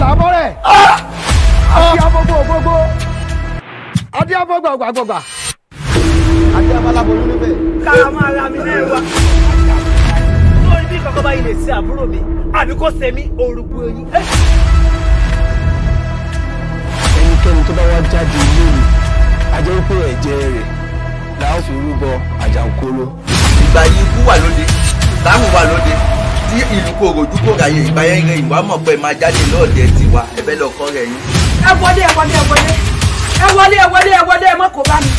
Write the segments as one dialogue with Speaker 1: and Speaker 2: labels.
Speaker 1: là á bọ́rẹ̀. àti ah! agbogbo ah! ògbogbo àti agbogbo àgbàgbà. àti abaláboyún níbẹ̀. ká a máa ra mi náà wá. lórí bí kankan bá ilé sí àbúrò mi àbí kò sẹ́mi òrùkú oyin. Eh! ẹnikẹ́ni tó bá wá jáde ilé mi ajẹ́ wípé ẹ̀jẹ̀ rẹ̀ làá fi rúbọ àjàǹkóló. ìgbà yìí ikú wà lóde láàmú lóde tí ìlú kò rojú kò ráyè ìgbà yẹn rẹ ìwà mọ̀ pé máa jáde lọ́ọ̀dẹ tiwa ẹ bẹ́ẹ̀ lọ́kọ́ rẹ̀ yín. ẹ wọlé ẹ wọlé ẹ wọlé ẹ wọlé ẹ wọlé ẹ wọlé ẹ mọ kò bá mi.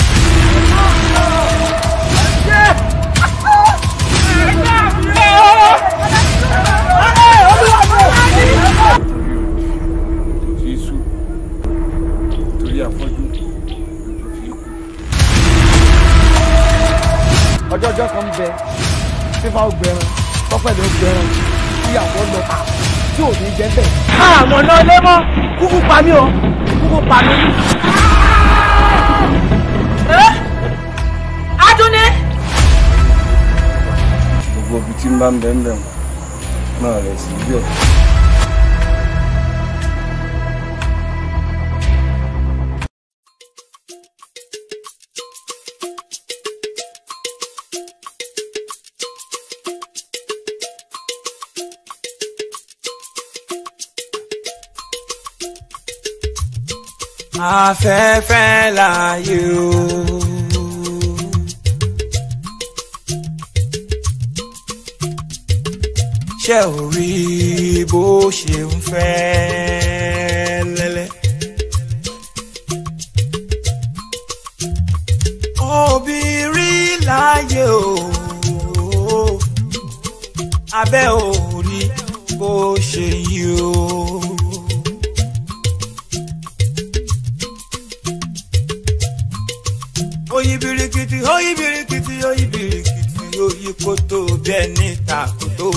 Speaker 1: ọjọ́ ọjọ́ kan ń bẹ fífa ó gbẹrun tọ́pẹ́ ló ń jẹran tí àwọn lọ pa tí ò ní jẹ bẹ́ẹ̀. àmọ̀ náà lé mọ́ kúkú pa mí o
Speaker 2: kúkú pa mí. adúní.
Speaker 1: gbogbo ibi tí n bá ń bẹ́ẹ̀ bẹ́ẹ̀ náà rẹ̀ sí bí ọ̀tún. afẹ́fẹ́ láàyè o. ṣé ò rí bó ṣe ń fẹ́ lẹ́lẹ́. obìnrin láàyè o abẹ́ ò rí bó ṣe yí o. oyi birikiti oyi birikiti oyi koto bí ẹni tàkótó.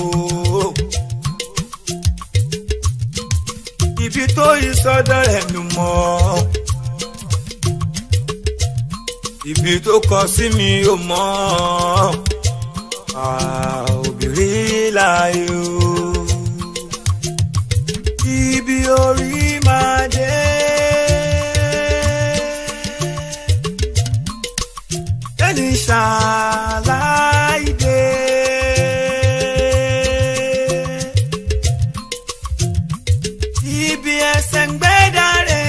Speaker 1: ibi tó yí sọ́dọ̀ rẹ̀ mi mọ́ ibi tó kọ sí mi ò mọ́ obìnrin láàyè o ibi orí máa dé. aláìdè. ibi ẹsẹ̀ ń gbé dáre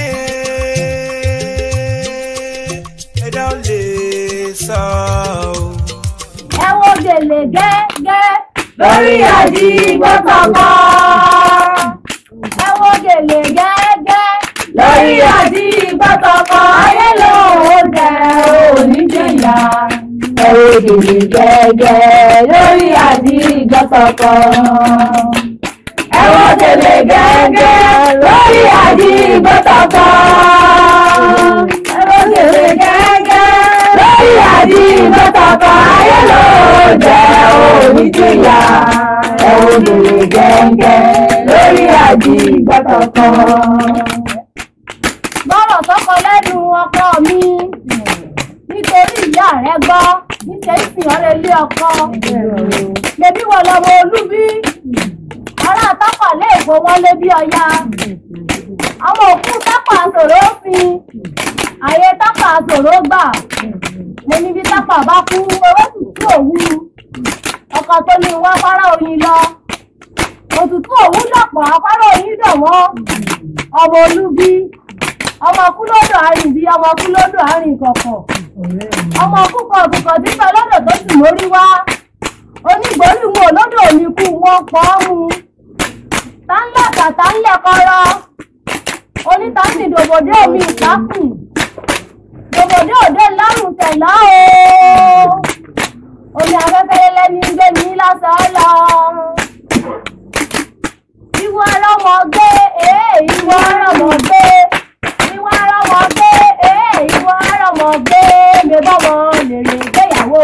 Speaker 2: ẹ̀dá ò lè sọ. ẹ wo gèlè gẹ́gẹ́ lórí àdìgbọ́tọ̀kọ́. ẹ wo gèlè gẹ́gẹ́ lórí àdìgbọ́tọ̀kọ́. ayé ló òkèlè gẹ́gẹ́ lórí àdìgbà kankan. ẹ̀wọ̀n òkèlè gẹ́gẹ́ lórí àdìgbà kankan. ẹ̀wọ̀n òkèlè
Speaker 3: gẹ́gẹ́ lórí àdìgbà kankan. ayé ló jẹ́ òní jìyà. ẹ̀wọ̀n òkèlè gẹ́gẹ́
Speaker 2: lórí àdìgbà kankan. bọ́rọ̀ sọ́kọ lẹ́nu ọkọ mi nítorí ìyá rẹ gbọ́. níṣẹ́ ìfihàn ilé ọkọ lèmi wọ̀ lọ́wọ́ olúbí ará àtàpà léèkó wọn lé bí ọya àwọn òkú tápà fi àyè tápà sòrò gbà mo níbi tápà bá kú owó tútù òwú ọkọ tó ní wá oyin lọ òtútù òwú afárá oyin ọmọ olúbí àrìn bí ọmọ kúkọ òkùkọ tí sọ lọ́dọ̀ tó sì mórí wá onígbòrí wọn olódò mi kú wọn pọ̀ mu tá ń lọ tàtà ń yẹkọrọ oníta ń sì dòbòdé omi ìsákù dòbòdé òde lárùn tẹ̀lá o omi afẹ́fẹ́ lẹ́ni ń gbé ní lásán lọ ìwọ ọlọ́mọ gbé èé ìwọ ọlọ́mọ gbé ìwọ ọlọ́mọ gbé èé ìwọ ọlọ́mọ gbé lè bọ́wọ́ lèrè gbéyàwó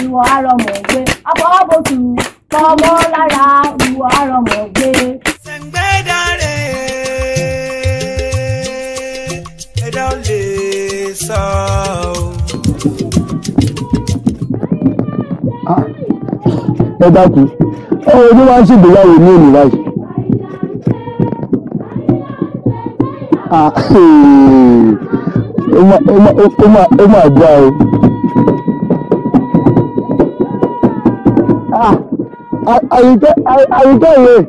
Speaker 2: ìwọ àrọ̀mọ̀ gbé afọwọ́bòtú fọwọ́ lára ìwọ àrọ̀mọ̀ gbé. sẹ̀ǹgbẹ́dàrè ẹ̀dá ò lè
Speaker 1: sọ ọ́. Ah, ẹ dákun ẹ ojú wa ń ṣègbéyàwó ní òní báyìí.
Speaker 3: Ah, ó máa
Speaker 1: dá
Speaker 2: o. àyíká ìwé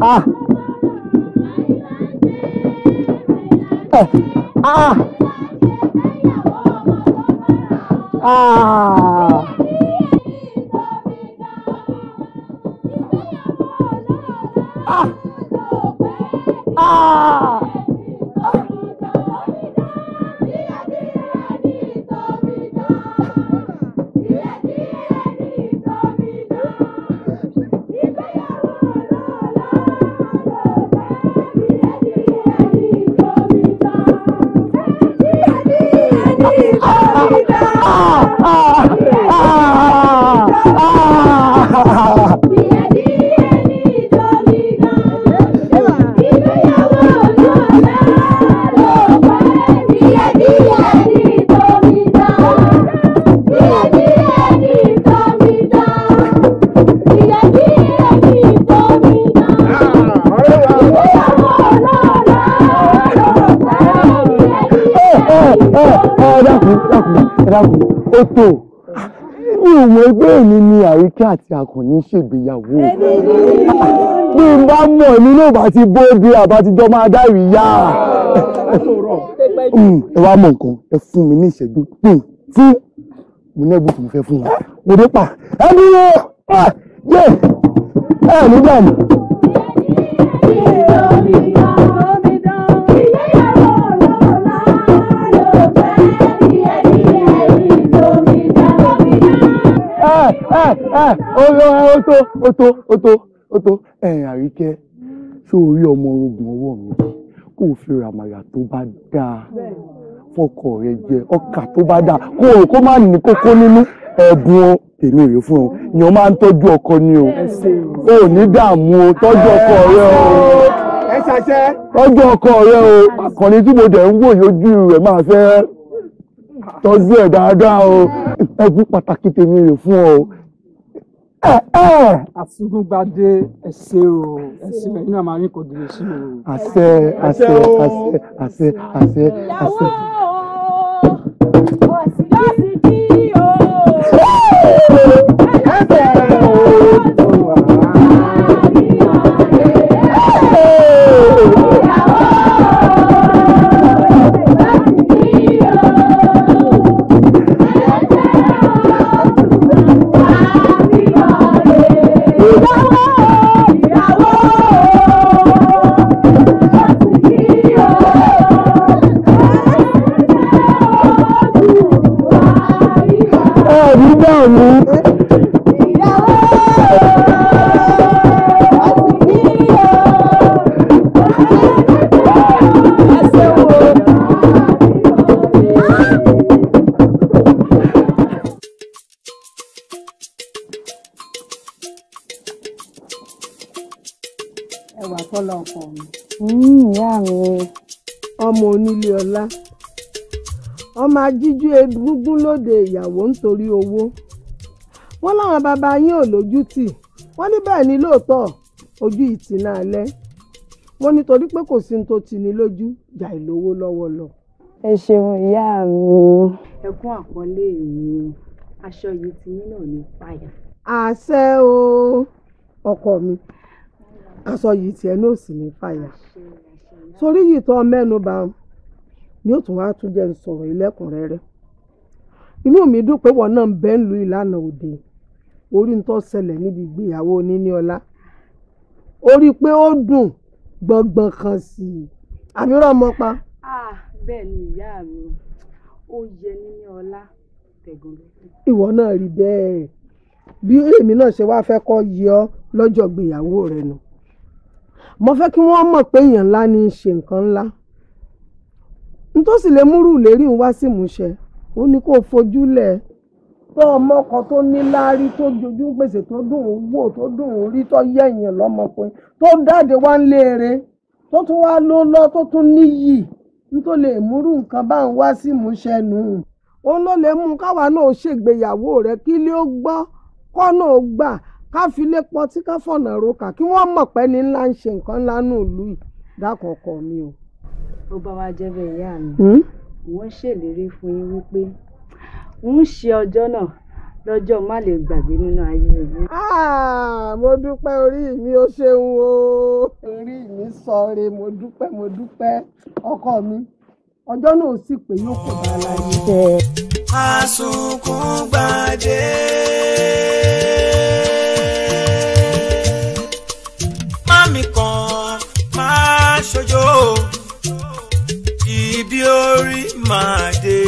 Speaker 2: ah ah.
Speaker 1: ètò mi ò mọ ẹgbẹ́ èmi ni àríkẹ́ àti àkànní ṣègbéyàwó bí n bá mọ̀ èmi náà bá ti bóde àbátijọ́ máa dárìí yá ẹ wá mọ̀ nǹkan ẹ fún mi ní ìṣẹ́jú pín tí mo ní ẹgbẹ́ tí mo fẹ́ fún wa mo dé pa ẹ dúró ẹ yé ẹ nígbà mi. ọ̀tọ̀ ọ̀tọ̀ ọ̀tọ̀ ọ̀tọ̀ ẹ̀yìn àríkẹ́ ṣó orí ọmọ ogun ọwọ́ mi kó o fẹ́ tó bá dáa fọkọ rẹ jẹ ọkà tó bá dáa kó o kó má ní kókó nínú ẹ̀bùn o tèmi fún ọ èèyàn máa ń tọ́jú ọkọ ni o o ò ní dààmú o tọ́jú ọkọ rẹ àṣùgbùgbàdé ẹsẹ o ẹsẹ o inú àmàlí kò dìde sí o. àṣẹ àṣẹ àṣẹ àṣẹ àṣẹ àṣẹ. ìyàwó
Speaker 3: o òsì láti kí o.
Speaker 1: ọmọ ajíjú egúngún lóde ìyàwó nítorí owó wọ́n láwọn bàbá yín ò lójú tì wọ́n ní bẹ́ẹ̀ ni lóòótọ́ ojú ìtì náà lẹ́ wọ́n nítorí pé kò sí ní tó tì ní lójú jà ìlówó lọ́wọ́ lọ. ẹ
Speaker 2: ṣeun ìyá mi. ẹkún àkọlé mi aṣọ yìí ti yín náà ní fàyà.
Speaker 1: àṣẹ o ọkọ mi aṣọ yìí tiẹ̀ náà sì ní fàyà. torí yìí tó mẹ́nu bá wọn yóò tún wá tún jẹ́ ń sọ̀rọ̀ ilẹ̀kùnrẹ́rẹ́ inú mi dùn pé wọn náà ń bẹ́ ń lu ìlànà òde orí ń tó ṣẹlẹ̀ níbi ìgbéyàwó oníníọlá orí pé ó dùn gbọ̀ngbọ̀n kan si. i àbí rọ́ọ̀mọ́ pa.
Speaker 2: bẹ́ẹ̀ ni ìyá mi ó yẹ níní ọlá
Speaker 1: tẹ̀gùn lójú. ìwọ náà rí bẹ́ẹ̀ bí èmi náà ṣe wáá fẹ́ kọ́ yẹ ọ́ lọ́jọ́ ìgbéyàwó rẹ nù mo fẹ́ kí wọ́n mọ̀ pé èèyàn ńlá ní í ṣe nǹkan n tó sì lè múrù lérí ń wá sí ìmúṣẹ ó ní kó fojúlẹ̀ tó ọmọ kan tó ní láárí tó jojú gbèsè tó dùn ún wò tó dùn ún rí tó yẹ̀yìn lọ́mọkùnrin tó dáde wá ń léèrè tó tún wá ló lọ tó tún níyì n tó lè múrù nǹkan bá ń wá sí ìmúṣẹ nù òun ló lè mú káwa náà ṣègbéyàwó rẹ kí ilé ó gbọ́ kọ́nà náà gbà ká fi lé pọtí ká fọ̀nà roka kí wọ́n mọ̀ pé ní ńlá ń ṣe nǹkan ńlá nù ìlú yìí mi
Speaker 2: o. tó bá wá jẹ́ bẹ́ẹ̀ ìyá mi hmm? wọ́n ṣèlérí fún yín wípé ń ṣe ọjọ́ náà lọ́jọ́ má lè gbàgbé nínú ayé mi. Ah,
Speaker 1: mo dúpẹ́ orí mi ó ṣeun o orí mi sọre mo dúpẹ́ mo dúpẹ́ ọkọ mi ọjọ́ náà sì pé yóò kó bá láyé jẹ. àsùnkún mami kan máa ṣojo orí máa dé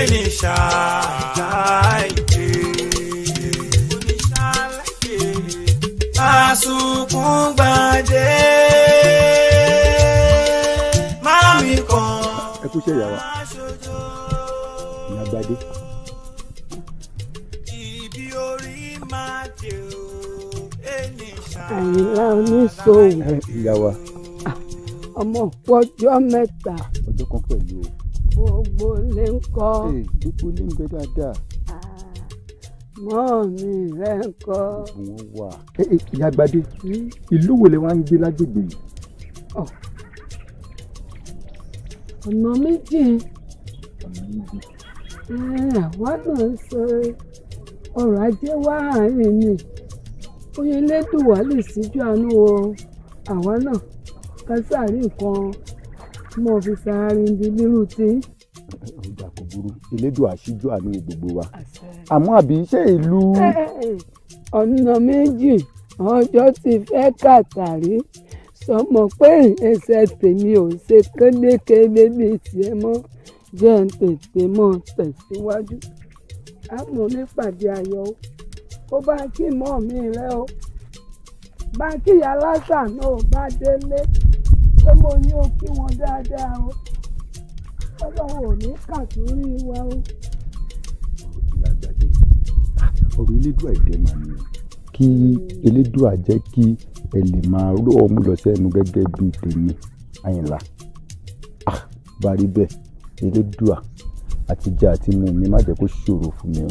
Speaker 1: ẹni ṣàjáìdé. àsùnkún gbàdé. mami kan. ẹ kú ìyá gbadé. ibi orí máa dé o ẹni ṣàjáìdé. àyìnlá oníṣòwò. ìyá wa ọmọ pọjọ mẹ́ta. ọjọ́ kan pẹ̀lú o.
Speaker 2: gbogbo lè ń kọ́.
Speaker 1: gbogbo lè ń bẹ dáadáa. Ah, mọ́ mi rẹ̀ ń kọ́. wọ́n wà. ìyá gbadé hmm? ìlú wo lè wá ń gbé lágbègbè yìí. ọ̀nà méjì. ọ̀nà méjì. Eh, àwa náà ń sọ ọrọ̀ ajé wá àárín ni oyè lẹ́dùn wà lè síjú àánú o àwa náà kásáàrí nǹkan mo fi sàárín di lírú tí. ọjà kò burú elédùn àṣíjú àánú gbogbo wa àmọ́ àbí iṣẹ́ ìlú. Eh, eh, eh, ọ̀nà méjì ọjọ́ ti fẹ́ kàtàrí sọmọ pé ẹsẹ̀ tèmi ò ṣe kélékélé bíi tiẹ̀ mọ́ jẹ́ ń tètè mọ́ tẹ̀síwájú. àmọ́ nípàdé ayọ̀ o ó bá kí mọ́ mi rẹ o bá kí yàrá sàn náà bá délé pé mo ní o kí wọn dáadáa o ọlọ́run ò ní kàtúrí wa o. ọ̀rọ̀ elédùà ìdẹ máa ní kí elédùà jẹ́ kí ẹ lè máa ró ọmú lọ sẹ́nu gẹ́gẹ́ bíi tèmi àyìnlá ah, bá bẹ́ẹ̀ elédùà àtijọ́ àti mú mi má jẹ́ kó ṣòro fún mi o.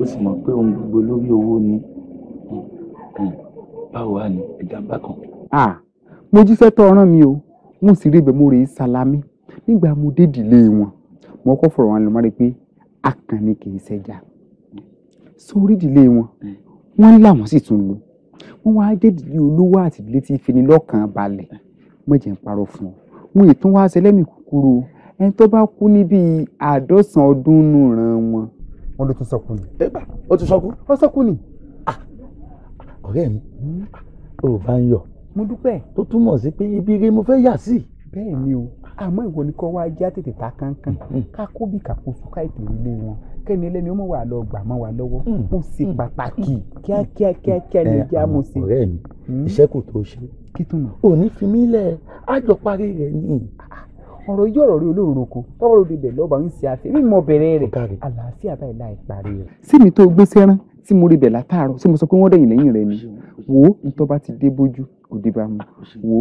Speaker 1: ó sì mọ̀ pé ohun gbogbo lórí owó ni hmm. báwo wà ní ìjàmbá kan. mo jí fẹ́ tọ́ ọ̀ràn mi o mo sì rí ibẹ̀ mo rè é salami nígbà mo dé ìdílé wọn mo kọ́ fọ̀rọ̀ wọn lọ mọ́ rí pé akànnì kì í ṣẹja sórí ìdílé wọn wọn ń là wọn sì tún lò wọn wá dé ìdílé olówó àti ìdílé tí fi ni lọ́kàn balẹ̀ mo jẹ́ ń parọ́ fún ọ wọn ètò wá ṣẹlẹ́mì kúkúrú ẹni tó bá kú ní bíi àádọ́sàn ọdún nù ràn wọn wọn ló tún sọkù ni. ẹ bá ó tún sọkù. ó sọkù ni. ọ̀rẹ́ mi ò bá ń yọ. mo dúpẹ́. tó túmọ̀ sí pé ibi rẹ mo fẹ́ yà sí. bẹ́ẹ̀ ni o àmọ́ ìwọ ni kọ́ wáá já tètè ta kánkán mm-hmm. ká kó bí kàkó sùkà ètò ilé wọn kẹ́ni ẹlẹ́ni ó mọ̀ wà lọ gbà mọ́ wa lọ́wọ́ mm-hmm. ó ṣe mm-hmm. pàtàkì kíákíá kíákíá ni kí a mọ̀ ọ̀rẹ́ mi iṣẹ́ kò tó ṣe. kí tó mọ̀. òní fi mí lẹ̀ á parí rẹ̀ ni ọ̀rọ̀ yí ọ̀rọ̀ rí olóró ko tọ́wọ́ ló débẹ̀ lọ́ba ń ṣe àfẹ́ mímọ bẹ̀rẹ̀ rẹ̀ àlàáfíà báyìí láì parí rẹ̀. sí mi tó gbé sẹ́rán tí mo rí bẹ̀ látàárọ̀ sí mo sọ pé wọ́n dẹ̀yìn lẹ́yìn rẹ̀ ni wo ntọ́ bá ti dé bójú òde bá mu wo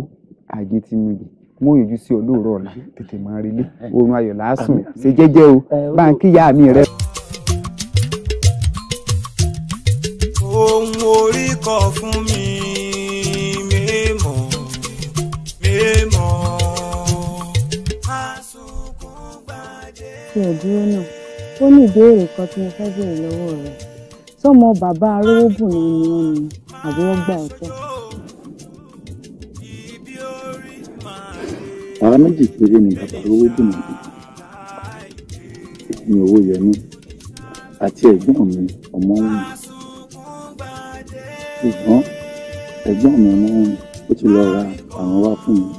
Speaker 1: àjẹ ti mu yìí mo yọjú sí olóòrọ̀ ọ̀la tètè máa relé oorun ayọ̀ lásùn ṣe jẹ́jẹ́ o bá ń kíyà mi rẹ. ohun orí kọ fún mi.
Speaker 2: tiẹ̀ dúró náà ó ní ìbéèrè kan tí mo fẹ́ béèrè lọ́wọ́ rẹ̀ sọmọ bàbá arówóbù náà ni wọ́n ní àbí wọ́n gbà ọ̀tọ̀.
Speaker 1: àwọn méjì péré ni bàbá arówóbù náà bí ní owó yẹmí àti ẹ̀gbọ́n mi ọmọ wọn ṣùgbọ́n ẹ̀gbọ́n mi ọmọ wọn ó ti lọ ra àwọn wá fún mi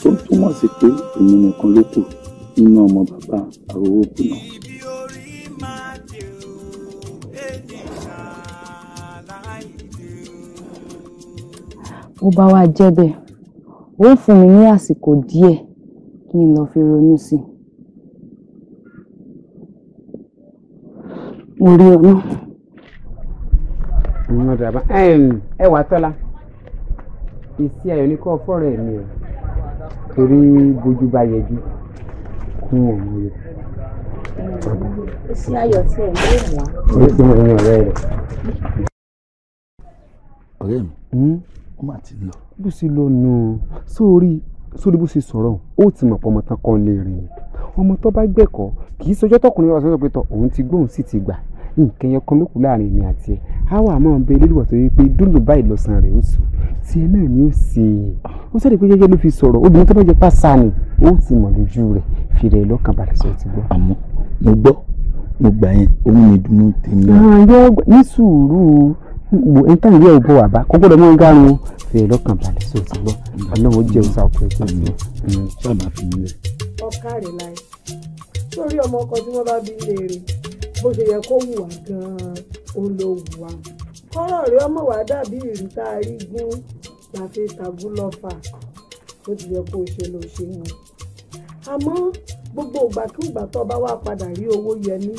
Speaker 1: tó túmọ̀ sí pé èmi nìkan ló kù
Speaker 2: nínú ọmọ bàbá àròwò kùnà. ó bá wá jẹ́ bẹ́ẹ̀ ó fún mi ní àsìkò díẹ̀ kí n lọ́ọ́ fi ronú sí i. mo rí ọ̀nà.
Speaker 1: ọ̀nà dàbá ẹ wà tọ́lá èsì ayọ̀ ní kọ́ fọ́ọ̀rọ̀ ẹ̀ mi ò torí bójú bá yẹjú fún ọmọ rẹ̀.
Speaker 2: sí ayọ̀ tí ẹ̀ ń wá. ó sì
Speaker 1: mọ̀ ní ọ̀rẹ́ rẹ̀. ọ̀rẹ́ mi hmm? ó mà ti lọ. bó ṣe lọ nù sórí sórí bó ṣe sọ̀rọ̀ ó ti mọ̀ pọ̀ ọmọ tán kan lè rìn ọmọ tó bá gbẹ̀kọ́ kì í sọjọ́ tọkùnrin wa sọ pé tọ òun ti gbóhùn sí ti gbà nǹkan yẹn kan ló kù láàrin mi àti ẹ á wà máa bẹ lélùwọ̀ tó yẹ pé dùnú báyìí lọ́sàn rẹ̀ ó sùn tí ẹ náà ni ó ṣe ó sọ̀rọ̀ pé jẹ́jẹ́ ló fi sọ̀rọ̀ obìnrin tó bá jẹ pàṣà ni ó ti mọ̀ lójú rẹ̀ fi rẹ̀ lọ́kàn balẹ̀ sọ ti gbọ́. àmọ́ mo gbọ́ mo gbà yẹn ohun mi dùnú tèmi. ní sùúrù ẹni táwọn ilé ọ̀bọ àbá kó gbọ́dọ̀ mọ́ ń gárun fi rẹ̀ lọ́kàn balẹ̀ sọ ti gbọ́ ọlọ́run jẹ́ òsà ọkọ̀ ẹ̀jẹ̀ mi. ọkà rẹ̀ láì sórí ọmọ ọkọ tí wọ́n bá bí léèrè bó ṣe yẹ kó wù gan-an ó ló wù kọ́rọ̀ rí ọmọ wa dàbí ìrìntà arígún la fi tàbú lọ́fà bó ti yẹ kó o ṣe ló ṣe wọn àmọ́ gbogbo ìgbàkúgbà tó bá wá padà rí owó yẹmí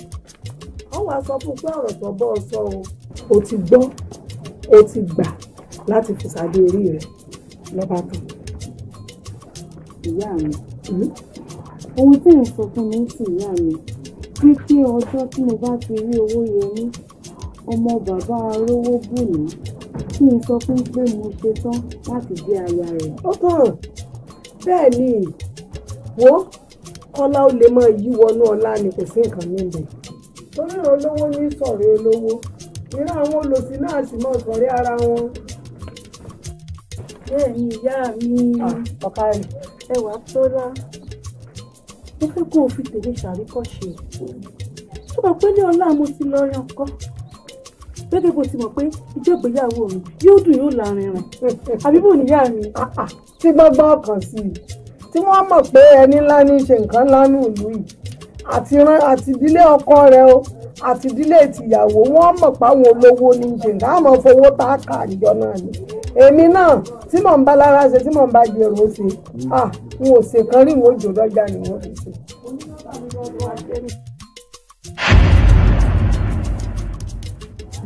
Speaker 1: ọ wàá sọ fún pé ọ̀rọ̀ tó bọ́ ọ sọ o o ti gbọ́ o ti gbà láti fòsàdé orí rẹ lọ́ba tó. ìyá mi hmm?
Speaker 2: ohun tí ń sọ fún mi sí ìyá mi wípé ọjọ́ tí mo bá ti rí owó yẹn ọmọ bàbá arówó bù mí n sọ fún pé mo ṣe tán láti
Speaker 1: jẹ aya rẹ̀. ó tàn bẹ́ẹ̀ ni wo kọ́lá ó lè máa yí wọnú ọlá ni kò sí nǹkan níbẹ̀. torí olówó ní sọ̀rí olówó irú àwọn náà sì ara wọn.
Speaker 2: bẹ́ẹ̀ ni ìyá mi ah, ọ̀kadì ẹwà tó lá. mo fẹ́ kó o fi tèmi ṣàríkọ́ṣe tó bá pé ní ọlá mo ti lọ rí ọkọ
Speaker 1: gẹ́gẹ́ bó ti mọ̀ pé ìjọgbéyàwó mi yóò dùn yóò lárinrin àbí bò níyà mi. tí gbọ́gbọ́ kàn sí i tí wọ́n mọ̀ pé ẹni ńlá ní í ṣe nǹkan ńlá ìlú yìí àti ran àti ìdílé ọkọ rẹ o àti ìdílé tìyàwó wọ́n mọ̀ páwọn olówó ní í ṣe nǹkan àmọ́ fowó tá a kà níjọ náà ni èmi náà tí mò ń bá lára ṣe tí mò ń bá di èrò ṣe ah n ò ṣe kan rí ìwọ́n ìjòdọ́gba ni wọ́n ti ṣe.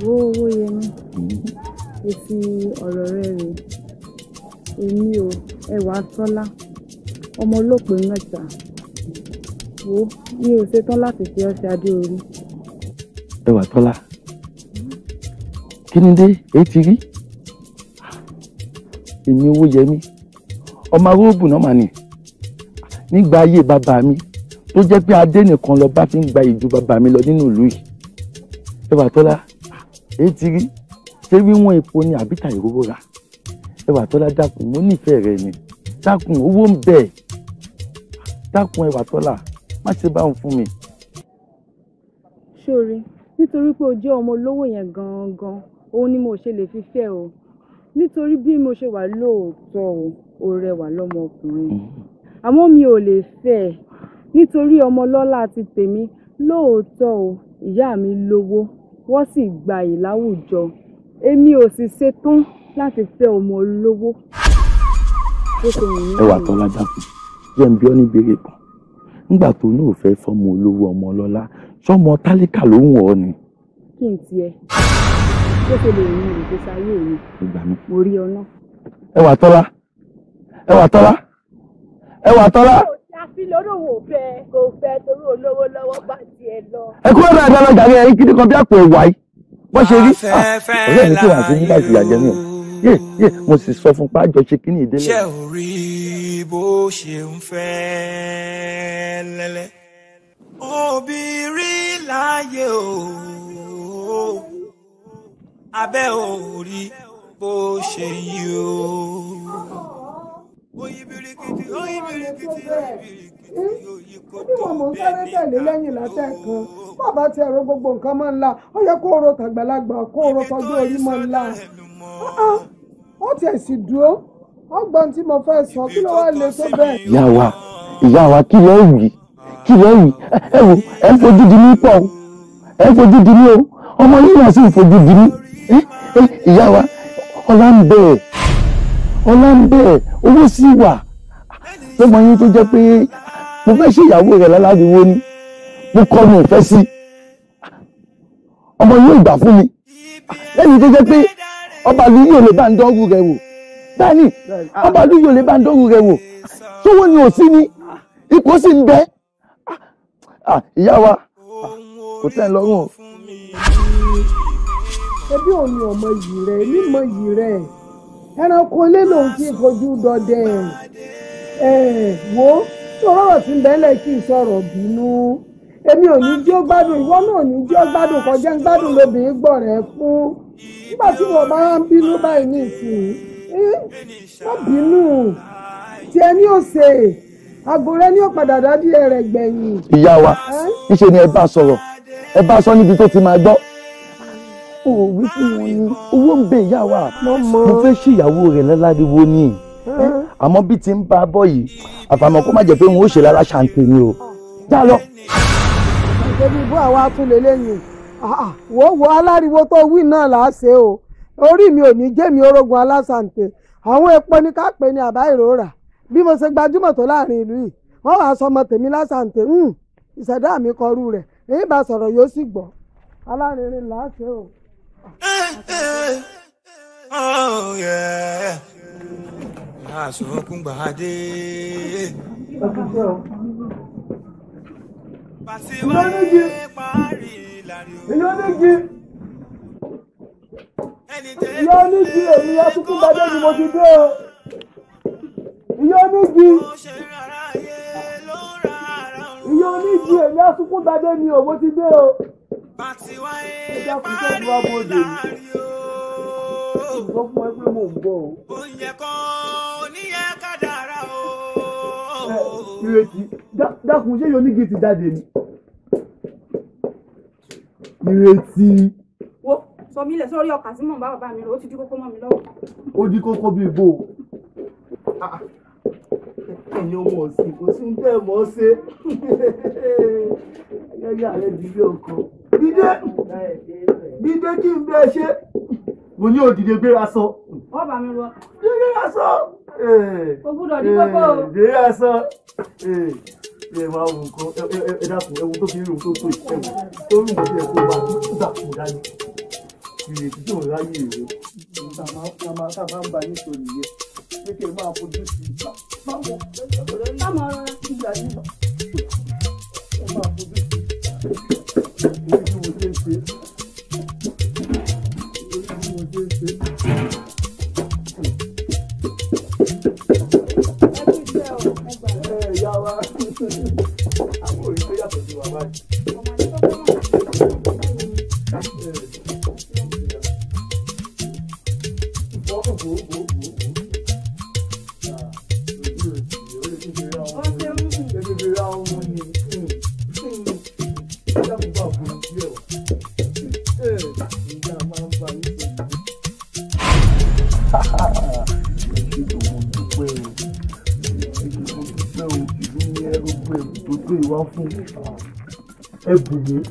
Speaker 1: wo owó yẹn ní èsì ọ̀rọ̀ rẹ rè èmi ò ẹwà tọ́lá ọmọ olópin mẹ́ta wo mi ò ṣetán láti fi ọṣẹ adé orí. ẹwà tọ́lá kí ni dé èyí ti rí èmi owó yẹ mí ọmọ arúgbó náà mà ní nígbà ayé bàbá mi tó jẹ́ pé adé nìkan lọ bá fi ń gba ìju bàbá mi lọ nínú ìlú yìí ẹwà tọ́lá èyí ti rí ṣé wíwọ́n epo ni àbíta ìrówó ra ẹwà tọ́lá dákun mo nífẹ̀ẹ́ rẹ ni dákun owó ń bẹ dákun ẹwà tọ́lá má ṣe bá òun fún mi.
Speaker 2: ṣóore nítorí pé o jẹ́ ọmọ olówó yẹn gan-an òun ni mo ṣe lè fi fẹ́ o nítorí bí mo ṣe wà lóòótọ́ o rẹwà lọ́mọkùnrin mm-hmm. àmọ́ mi ò lè fẹ́ ẹ nítorí ọmọlọ́lá ti tèmi lóòótọ́ o ìyá mi lówó wọ́n sì gbayì láwùjọ èmi ò sì ṣetán láti fẹ́ ọmọ olówó.
Speaker 1: ẹ wà tọ́lá dákun jẹ́ ń bí ọ́ ní ìbéèrè kan nígbà tó ní òfẹ́ fọ́mọ olówó ọmọ ọlọ́lá sọ́mọ tálíkà ló wọ̀ ọ́ ni. kí n tiẹ̀
Speaker 2: ṣéṣe lè yin ìgbésí ayé mi ìgbà
Speaker 1: tọ́lá ẹ tọ́lá ẹ tọ́lá. ẹ kúrò náà dáná jàre ẹ̀yìn kiri kan bí àpò ẹ̀wà yìí bó ṣe rí ah, ọ̀rẹ́ mi tó wà sí nígbà ìyá jẹ mi yé yé mo sì sọ fún pa àjọṣe kínní ìdílé. ṣé ò rí bó ṣe ń fẹ́ lẹ́lẹ́ obìnrin láàyè o abẹ́ òòrí bó ṣe yí o. oyin birikiti oyin birikiti oyin birikiti oyin kò tó bẹ́ẹ̀ ní àlọ́ bàbá tí ẹ̀rọ gbogbo nǹkan máa ń la ó yẹ kó ro tàgbàlagbà kó ro tọjú orí máa ń la ah, ah, ó tiẹ̀ sì dúró ọgbọ́n tí mo fẹ́ sọ kí ló wá lè tó bẹ́ẹ̀. ìyá wa ìyá wa kí ló yìí kí ló yìí ẹ wo ẹ fojú di ní pọ̀ ẹ fojú di ní o ọmọ yìí náà sì fojú di ní ìyá wa ọlá ń bẹ ọlá ń bẹ owó sì wà lọ́mọ yín tó jẹ́ pé mo fẹ́ ṣe ìyàwó rẹ̀ lálàdíwó ni mo kọ́ mi ìfẹ́ sí ọmọ yóò gbà fún mi lẹ́ni tó jẹ́ pé ọba lu yóò lè bá ń dọ́rù rẹ̀ wò bẹ́ẹ̀ni ọba lu yóò lè bá ń dọ́rù rẹ̀ wò sówó ni ò sí ni ipò sì ń bẹ ah, ah, ìyá wa kò tẹ́ ẹ lọ́rùn o ẹbí òun ni ọmọ yìí rẹ èmi mọ yìí rẹ ẹranko ilé lòun ti fojú dọdẹ ẹ wo sọ̀rọ̀ ọ̀rọ̀ tí ń bẹ́lẹ̀ kí n sọ̀rọ̀ bínú èmi ò ní jí ó gbádùn ìwọ náà ò ní jí ó gbádùn kọjá ń gbádùn lóbìnrin gbọ̀ rẹ̀ fún nígbà tí wọ́n bá ń bínú báyìí ní ìsìn wọ́n bínú tí ẹni ò ṣe àgbo rẹ ní òpadà dádìí rẹ̀ gbẹ̀yìn. ìyá wa níṣe ni ẹ bá sọ̀rọ̀ ẹ bá sọ níbi tó ti máa gbọ́ o wí fún wọn ni owó ń bẹ ìyá wa mo fẹ́ ṣèyàwó rẹ̀ lọ́ládìwọ́ ni àmọ́ bí ti ń bá a bọ̀ yìí àfàmọ́ kó má jẹ́ pé wọn ó ṣe lára ṣàǹtẹ̀ ni o já lọ. ìjẹ́bí ibú àwa tún lè lẹ́yìn wò ó wò ó aláriwo tó wí náà là á ṣe o orí mi ò ní jẹ́ mi orogun aláṣàǹtẹ̀ àwọn epo ni ká pè ní àbá ìrora bí mo ṣe gbajúmọ̀ tó láàrin ìlú yìí wọ́n wàá sọ ọmọ tèmi lásàǹtẹ̀ hmm, ìṣẹ̀dá mi kọrú rẹ̀ èyí bá sọ̀rọ̀ yóò sì gbọ́ alárinrin là á ṣe o àsọkún gbàdé. pàṣíwáyé parí ìlànà òní. ìyá onígi èmi àsọkún gbàdé ni mo ti dé o. ìyá onígi. ìyá onígi èmi àsọkún gbàdé ni o mo ti dé o ẹ dákun tó ń bá bọ̀ dé mi ìgbọ́ fún ẹ pé mò ń bọ̀ o. oúnjẹ kan oníyẹ ká dára o. ẹ ìrètí dákun ṣé yóò nígi ti jáde ni. ìrètí.
Speaker 2: wo sọ mi lẹ sọrí ọkà tí mò ń bá bàbá mi rò ó ti di kókó mọ́ mi lọ́wọ́.
Speaker 1: ó di kókó bíi bò ó ẹ̀yin ọmọ ọ̀sìn kò sí ń tẹ́ ẹ̀ mọ́ ṣe ayẹyẹ ààrẹ dìde ọkọ dídé dídé
Speaker 2: kí n bẹ́ẹ̀ ṣe
Speaker 1: mo ní òdìdé gbéra sọ.
Speaker 2: ọba mi wọ. gbéra sọ. o gbúdọ̀ ní kókó o.
Speaker 1: gbéra sọ ẹ máa wù nǹkan ẹ dákun ẹ wù tó fi rí ohun tó tó ìfẹ́ wù tó rí ohun tó yẹ kó wà nígbà kó dání ìdó ráyè rẹ tàbá ń ba yín sọ nìyẹn pé kí ẹ máa fojú sí ìgbà báwo ìgbà yín ẹ máa fojú. dìde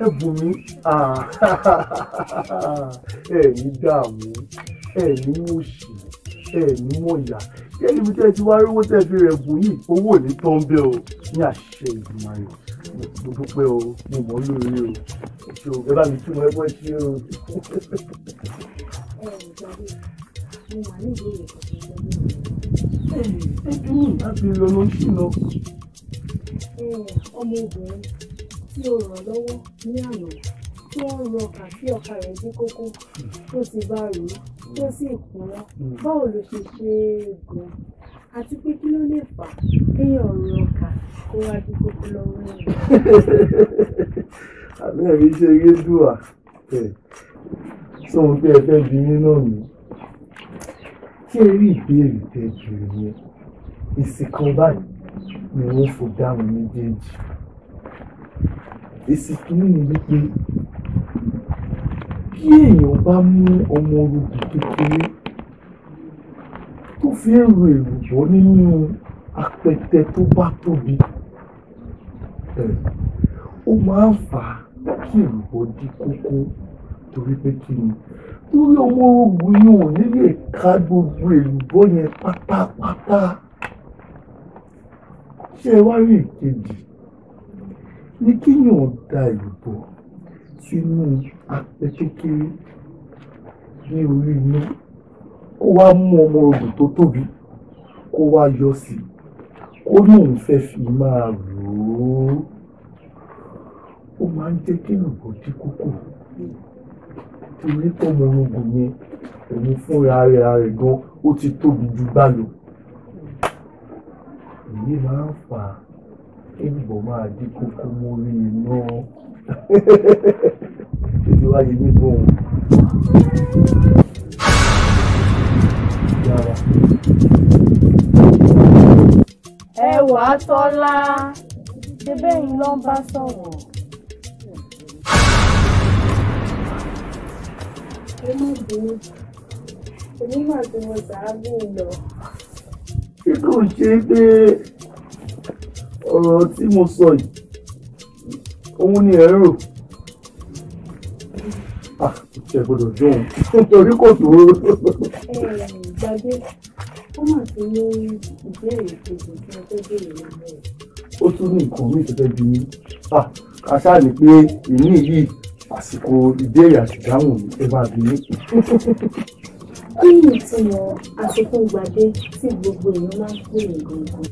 Speaker 1: ẹ bù mí ẹ ní dààmú ẹ ní mọ̀ṣì ẹ ní mọ̀yà kẹ́lí mi tẹ́ ti wá rówó tẹ́ fi rẹ̀ bù yìí owó ní tọ́ńbẹ́ o ní àṣẹ ìgbìmọ̀ rẹ̀ mo dúpẹ́ o mo mọ̀ lórí o ètò ẹ bá mi túmọ̀ ẹgbẹ́ sí o. ẹ ẹ dúró láti lọ́nà ṣìnà. ọmọ obìnrin tí o ràn lọ́wọ́ ní àná tí wọ́n yan ọkà sí ọkà
Speaker 2: rẹ̀ ní kókó tó ti bá rò tó sì kúnra báwo ló ṣe ṣe é gan àti pé kí ló lè fà kéèyàn ràn ọkà kó wá bí kókó lọ́wọ́ rẹ̀.
Speaker 1: àmì ẹ̀rí ṣe rédùà sóhun pé ẹ bí yín náà nù kí ẹ rí ìbéèrè tẹ jùlọ yẹn ìsìnkan báyìí ni wọ́n fò dáhùn méjèèjì èsì kìíní ni wípé bí èèyàn bá mú ọmọ orogún kékeré tó fi ń ro èròjọ nínú apẹtẹ tó bá tóbi ó máa ń fà á kí èròjọ di kókó torí pé kí ni torí ọmọ orogún yìí ò ní lè ká gbogbo èròjọ yẹn pátápátá ṣé ẹ wá rí ìkejì ní kíyàn da ìlùbọ̀ sínú apẹ̀kékeré ní orí iná kó wá mú ọmọ rògbò tó tóbi kó wá yọ sí i kó ní òun fẹ́ fi máa rò ó ó máa ń jẹ́ kí ìlùbọ̀ dín kókò torí tọmọ rògbò yẹn òun fúnra rẹ̀ rẹ̀ gan ó ti tóbi jù bá èyí máa ń fà á ìbò máa di kókó mórí iná ìjọ ayé nígbò
Speaker 2: yára. ẹ wà á tọ́lá ṣe bẹ́ẹ̀ ni ló ń bá sọ̀rọ̀.
Speaker 1: ẹ má bínú onímọ̀ tí mo sàágùn lọ. ṣé kò ṣe é pé ọ̀rọ̀ tí mo sọ yìí òun ni ẹ̀ ń rò ṣe ah, gbọ́dọ̀ jóun nítorí kò dúró. gbàgbé ó mà ti ní ìbéèrè kejì tí mo fẹ́ béèrè lọ́wọ́ ẹ̀. ó tún ní nǹkan míì tó fẹ́ bí mi àṣà ni pé èmi yìí àsìkò ìbéèrè àṣìdáhùn mi fẹ́ bá bí mi
Speaker 2: kí ni ìtumọ̀ àsokún gbàdé tí gbogbo èèyàn máa ń pè é gangan.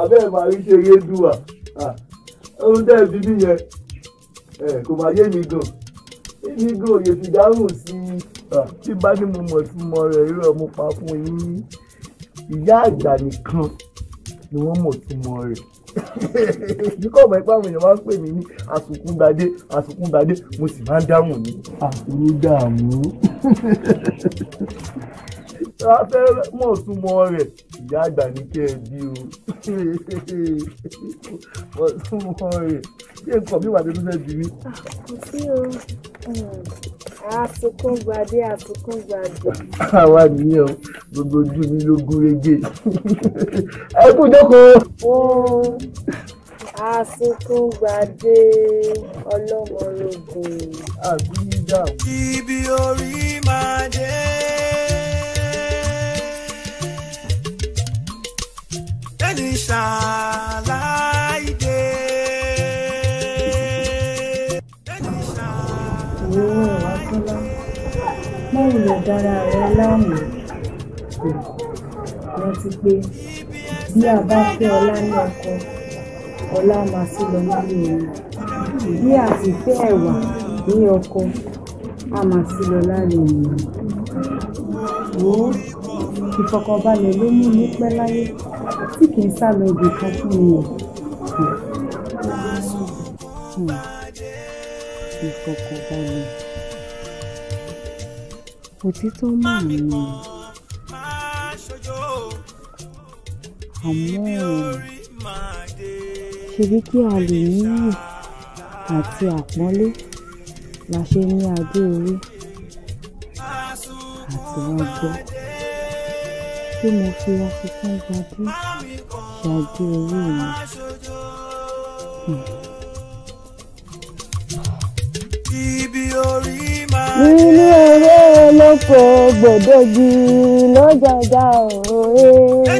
Speaker 1: abẹ́ ẹ̀ máa ń ṣe eré dùwà ah. ohun tẹ́ ẹ fi nìyẹn kò máa yé mi gan èmi gan òye ti dáhùn sí i ah, tí bá ní mo mọ̀ tí mo rẹ̀ irọ́ mo pa fún yín ìyá àgbà nìkan ni wọ́n mọ̀ tí mo rẹ̀ ojú kọ̀ mọ́ ipá àwọn èèyàn máa ń pè mí ní àsùnkúndadé àsùnkúndadé mo sì máa ń dáhùn ní àsùnkúndàmú a afẹ́ mọ̀ súnmọ́ rẹ̀ ìyá àgbà ní kẹ́ ẹ bí o mọ̀ súnmọ́ rẹ̀ ṣé nǹkan mi wà nínú fẹ́ bí mi.
Speaker 2: Ah, kò sí o àsìkò hmm. gbadé
Speaker 1: àsìkò gbadé. àwa nìyẹn gbogbo ojú mi ló gún régé ẹ kú jókòó. àsìkò gbadé ọlọ́mọrogùn. àbí nígbà wo. ibi orí máa dé. ẹni ṣàlàyé.
Speaker 2: ìwọ àkọlá báwo lè dára rẹ láàmú rántí pé bí a bá fẹ́ ọlá ní ọkọ ọlá máa sí lọ nílé ẹni
Speaker 1: bí a sì fẹ́ ẹ̀wà ní ọkọ a máa sí lọ láàrin ènìyàn wò ó ìfọ̀kànbalẹ̀ ló mú mi pẹ́ láyé tí kì í sá lọ ibì kan fún mi ìfọ̀kànbalẹ̀ hmm. hmm. òtítọ́ máa ń lò àmọ́ ṣebí kí a lè níyì àti àpọ́nlé la ṣe ní adé orí àti wọ́n gbọ́ tí mo fi aṣọ ságbadé ṣáájú orí mi. Eh. nínú eré olóko gbòdògì lọ́jàjà òwe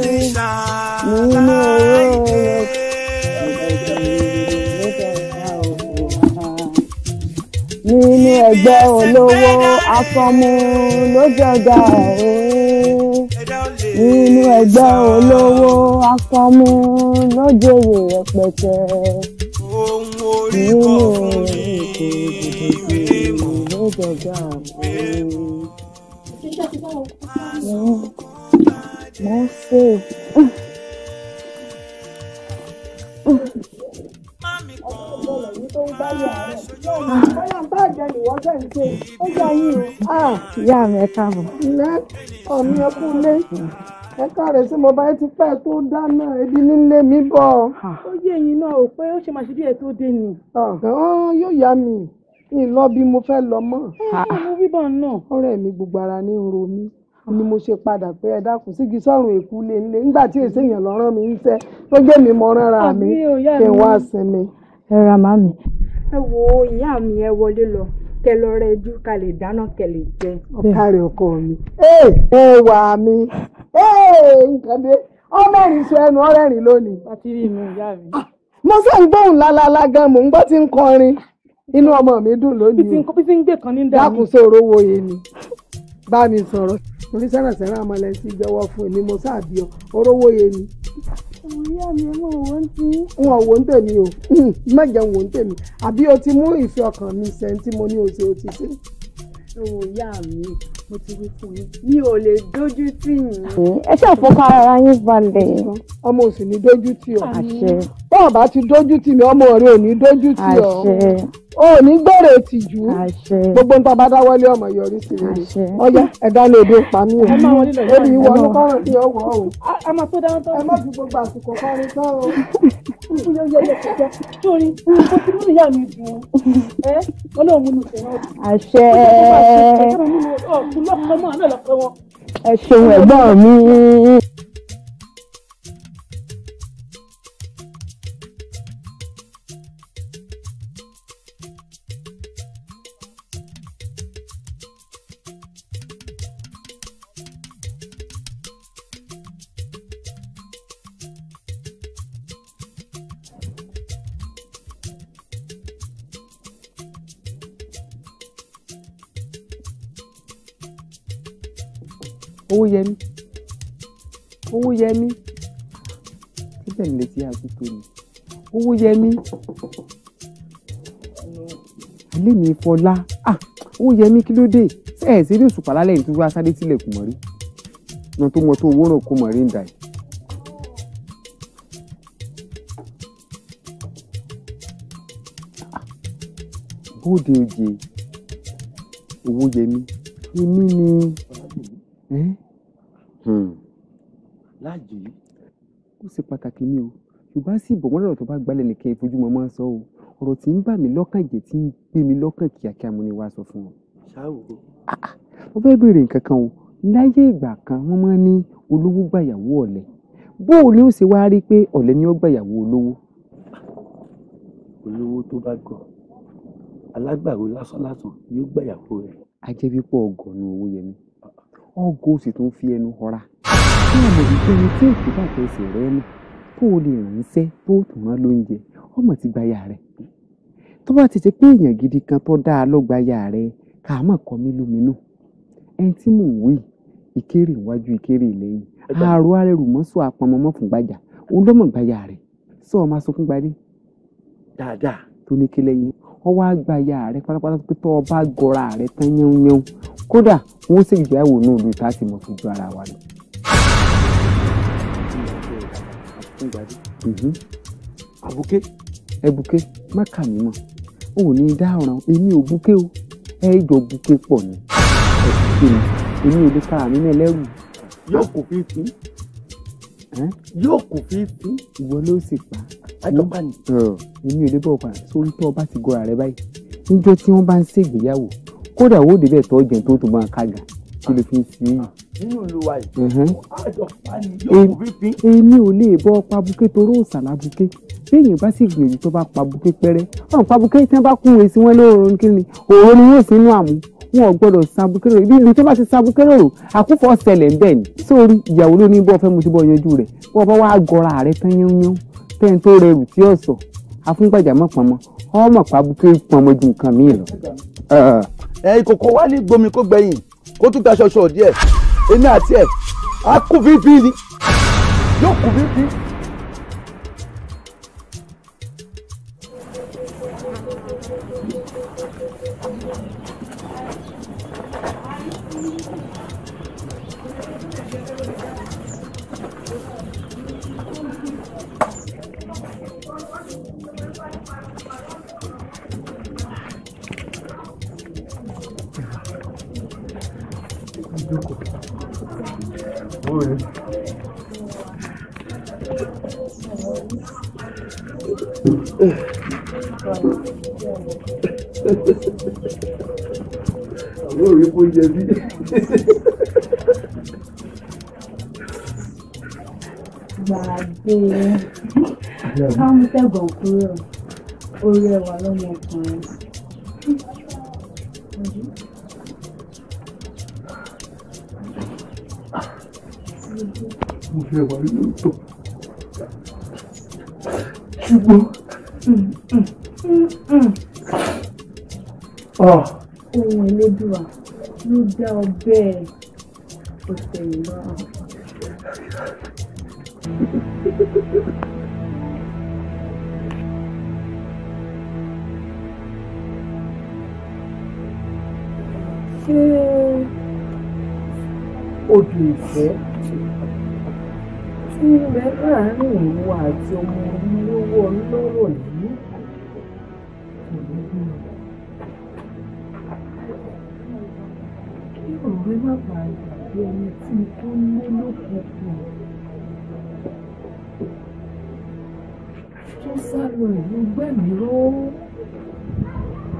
Speaker 1: nínú eré
Speaker 3: eh. olóko.
Speaker 1: nínú ẹgbẹ́ olówó afọ́mu lójọ́gà òwe nínú ẹgbẹ́ olówó akọ́mú lójòyè rẹpẹtẹ nínú ètò ìdìbò nígbàgbà
Speaker 3: mo ń save.
Speaker 1: ń gbáyà rẹ̀ báyà ń bá àjẹ́ nìwọ́ fẹ́ ń mo bá yẹ ti pẹ́ tó dáná ebi nílé mi bọ̀. ó yé ẹ̀yin náà ò pé ó ṣe máa ṣe bí ẹ tó dé ni. Ah. yóò yá mi ìlọ bí mo fẹ́ lọ mọ́. mo wíbọ̀ náà. ọ̀rẹ́ mi gbogbo ara ní ro mi ah. ni mo ṣe padà pé ẹ dákun sígi sọ̀rùn èkú lé nílé nígbà tí èsì èèyàn lọ́rán mi ń tẹ́ tó gbé mi mọ́ rárá mi kí n wá sinmi.
Speaker 2: ẹ ra màmí. ẹ wo ìyá mi ẹ wọlé lọ kẹ lọ rẹ ju ká lè dáná kẹ lè jẹ ọkàrẹ
Speaker 1: ọkọ mi. ẹ wà mí
Speaker 2: ẹ nǹkan dé ọmọrin
Speaker 1: sọ ẹnu lónìí. àti inú ìyá mi. Ah, mo sọ ń lálálá gan ń gbọ́ kọrin inú ọmọ mi dùn lónìí. ti ń gbé ni bá mi sọ̀rọ̀ torí fún mi mo sáà bí ọ orówó ni. ìyá mi mo wò ń tí. n ò wò ń tèmi o má jẹ́ n wò ń tèmi àbí o ti mú ìfẹ́ ọkàn mi sẹ́ni tí mo ní o ṣe o ti ṣe. ìwò ìyá mi mo ti rí fún mi mi ò lè dójú tì yín. ẹ ṣe àfọkàn ara yín balẹ̀. ọmọ òsì ní dójú tì ọ. àṣẹ. bọ́ọ̀ bá ti dójú tì mí ọmọ rẹ ò ní dójú tì ọ. àṣẹ o ní gbèrè tìjú gbogbo nǹkan bá dáwọ́lé ọmọ yọrí sí rere ọyá
Speaker 2: ẹ̀dá lè dé pa mí o ebi ìwọ ọdún kọ́rọ̀
Speaker 1: tí ó wọ̀ o ẹ má fi
Speaker 2: gbogbo àsìkò kọrin tán o sórí kò tí múnú ìyá mi dùn ẹ ọlọ́run múnú fẹ́ràn ọ̀dùn. àṣẹ ẹ ṣeun ẹ̀gbọ́n mi.
Speaker 1: Owóyẹmí Owóyẹmí síbẹ̀ ní létí aago tó ni Owóyẹmí ilé mi fọlá ah Owóyẹmí kí ló dé ṣe ẹ̀ ṣeré òṣùpá lálẹ́ nítorí wá sáré tilẹ̀kùn mọ́rí náà tó mọ tó owó náà kó mọ́rí ń dà yìí. bóde oje Owóyẹmí èmi ni. Eh? Hmm. láàyè ó ṣe pàtàkì ni o ṣùgbọ́n sì bọ̀ wọ́n lọ́rọ̀ tó bá gbalẹ̀ nìkan ìfojúmọ́ máa ń sọ o ọ̀rọ̀ tí ń bà mí lọ́kàn jẹ́ tí ń gbé mi lọ́kàn kíákíá mo ní wàá sọ fún ọ. o ah, ah. mo fẹ́ béèrè nǹkan kan o láyé ìgbà kan wọ́n máa ń ní olówó gbàyàwó ọ̀lẹ bó o ní ó ṣe wá rí i pé ọ̀lẹ ni ó gbàyàwó olówó. olówó tó bá gọ̀ alágbàro lásán lásán yóò gbàyàwó rẹ̀. ajẹ́ pípọ̀ ọgọ́nu owó yẹmi ọgọ òsì tó ń fi ẹnu họra tí ọmọ ìgbẹ́ ni tí òkú bá tẹ̀sẹ̀ rẹ nù tó o lè ránṣẹ́ tó o tún lóúnjẹ ọmọ ti gba ya rẹ tó bá ti ṣe pé èèyàn gidi kan tó dáa lọ́gba ya rẹ kà á mọ̀ kọ́ mí lóminú ẹni tí mò ń wí ìkéré iwájú ìkéré lẹ́yìn àrò arẹrù mọ́sọ́ apọnmọ́mọ́ fún gbàjà òun ló gba ya rẹ sọ ọ wọ́n wá gba ìyá rẹ pátápátá pé tó o bá gọra rẹ tán yánnyán kódà wọ́n sì gbéyàwó náà lórí ká sì mọ̀ fojú ara wa lọ. Mhm. àbùké ẹbùké má kà mí mọ́ ò ní dá èmi ò bùké o ẹ jọ bùké pọ̀ ni ẹ̀sìn mi èmi ò lè kára mi náà lẹ́rù. yóò kò fi fún yóò kò fi fún ìwọ ló pa àjọpàní èmi ò lè bọ̀ pa sórí tí wọ́n bá ti gọra rẹ báyìí níjọ́ tí wọ́n bá ń ṣègbéyàwó kódà ó débẹ̀ tó jẹun tó tún máa kága kí ló fi ń sí yìí. nínú ìlúwa yìí àjọpàní yóò fi fi. èmi ò lè bọ́ pa buké toró òsàlà buké béèyàn bá sì gbìyànjú tó bá pa buké pẹ́rẹ́ wọn pa buké tí wọ́n bá kún èsì wọn lóorun kí ni òun ni yóò sínú àmú wọn ò gbọ́dọ̀ san buké rò ibi ìlú tó bá ti san buké rò àkúfọ ṣẹlẹ̀ bẹ́ẹ̀ ni sórí ìyàwó ló ní bọ fẹ́ ti bọ yanjú rẹ̀ bọ bá wàá gọra rẹ̀ tán yán yán kẹ́ni tó rẹrù tí ọ̀sọ̀ afúngbàjámọ̀ pọ̀nmọ́ ọmọ pàbùkẹ́ pọ̀nmọ́ ju nǹkan míì lọ. ẹ ìkòkò wa ní gbomi kó gbẹ̀yìn kó tún gbaṣọṣọ díẹ̀ èmi àti ẹ̀ á kú fífi ni yóò kú fífi. jókòó òòrè. àwọn òòrè kò jẹ bí.
Speaker 2: gbàgbé káwọn tẹ̀gbọ̀n kúrò orí ẹwà lọ́mọkùnrin.
Speaker 1: ṣùgbọ́n ohun ah. ah.
Speaker 2: elédùà ló dá ọbẹ̀ òṣèlú náà.
Speaker 1: ṣé odò ìfẹ́ tí ń bẹ láàrin ìwọ àti ọmọ olówó ọlọ́rọ̀ yìí
Speaker 3: kí ọ̀rẹ́
Speaker 1: má bàa gbàgbé ẹni tí tó ń mú lókùnkùn tó sá lọ ìlú gbẹ̀mí róró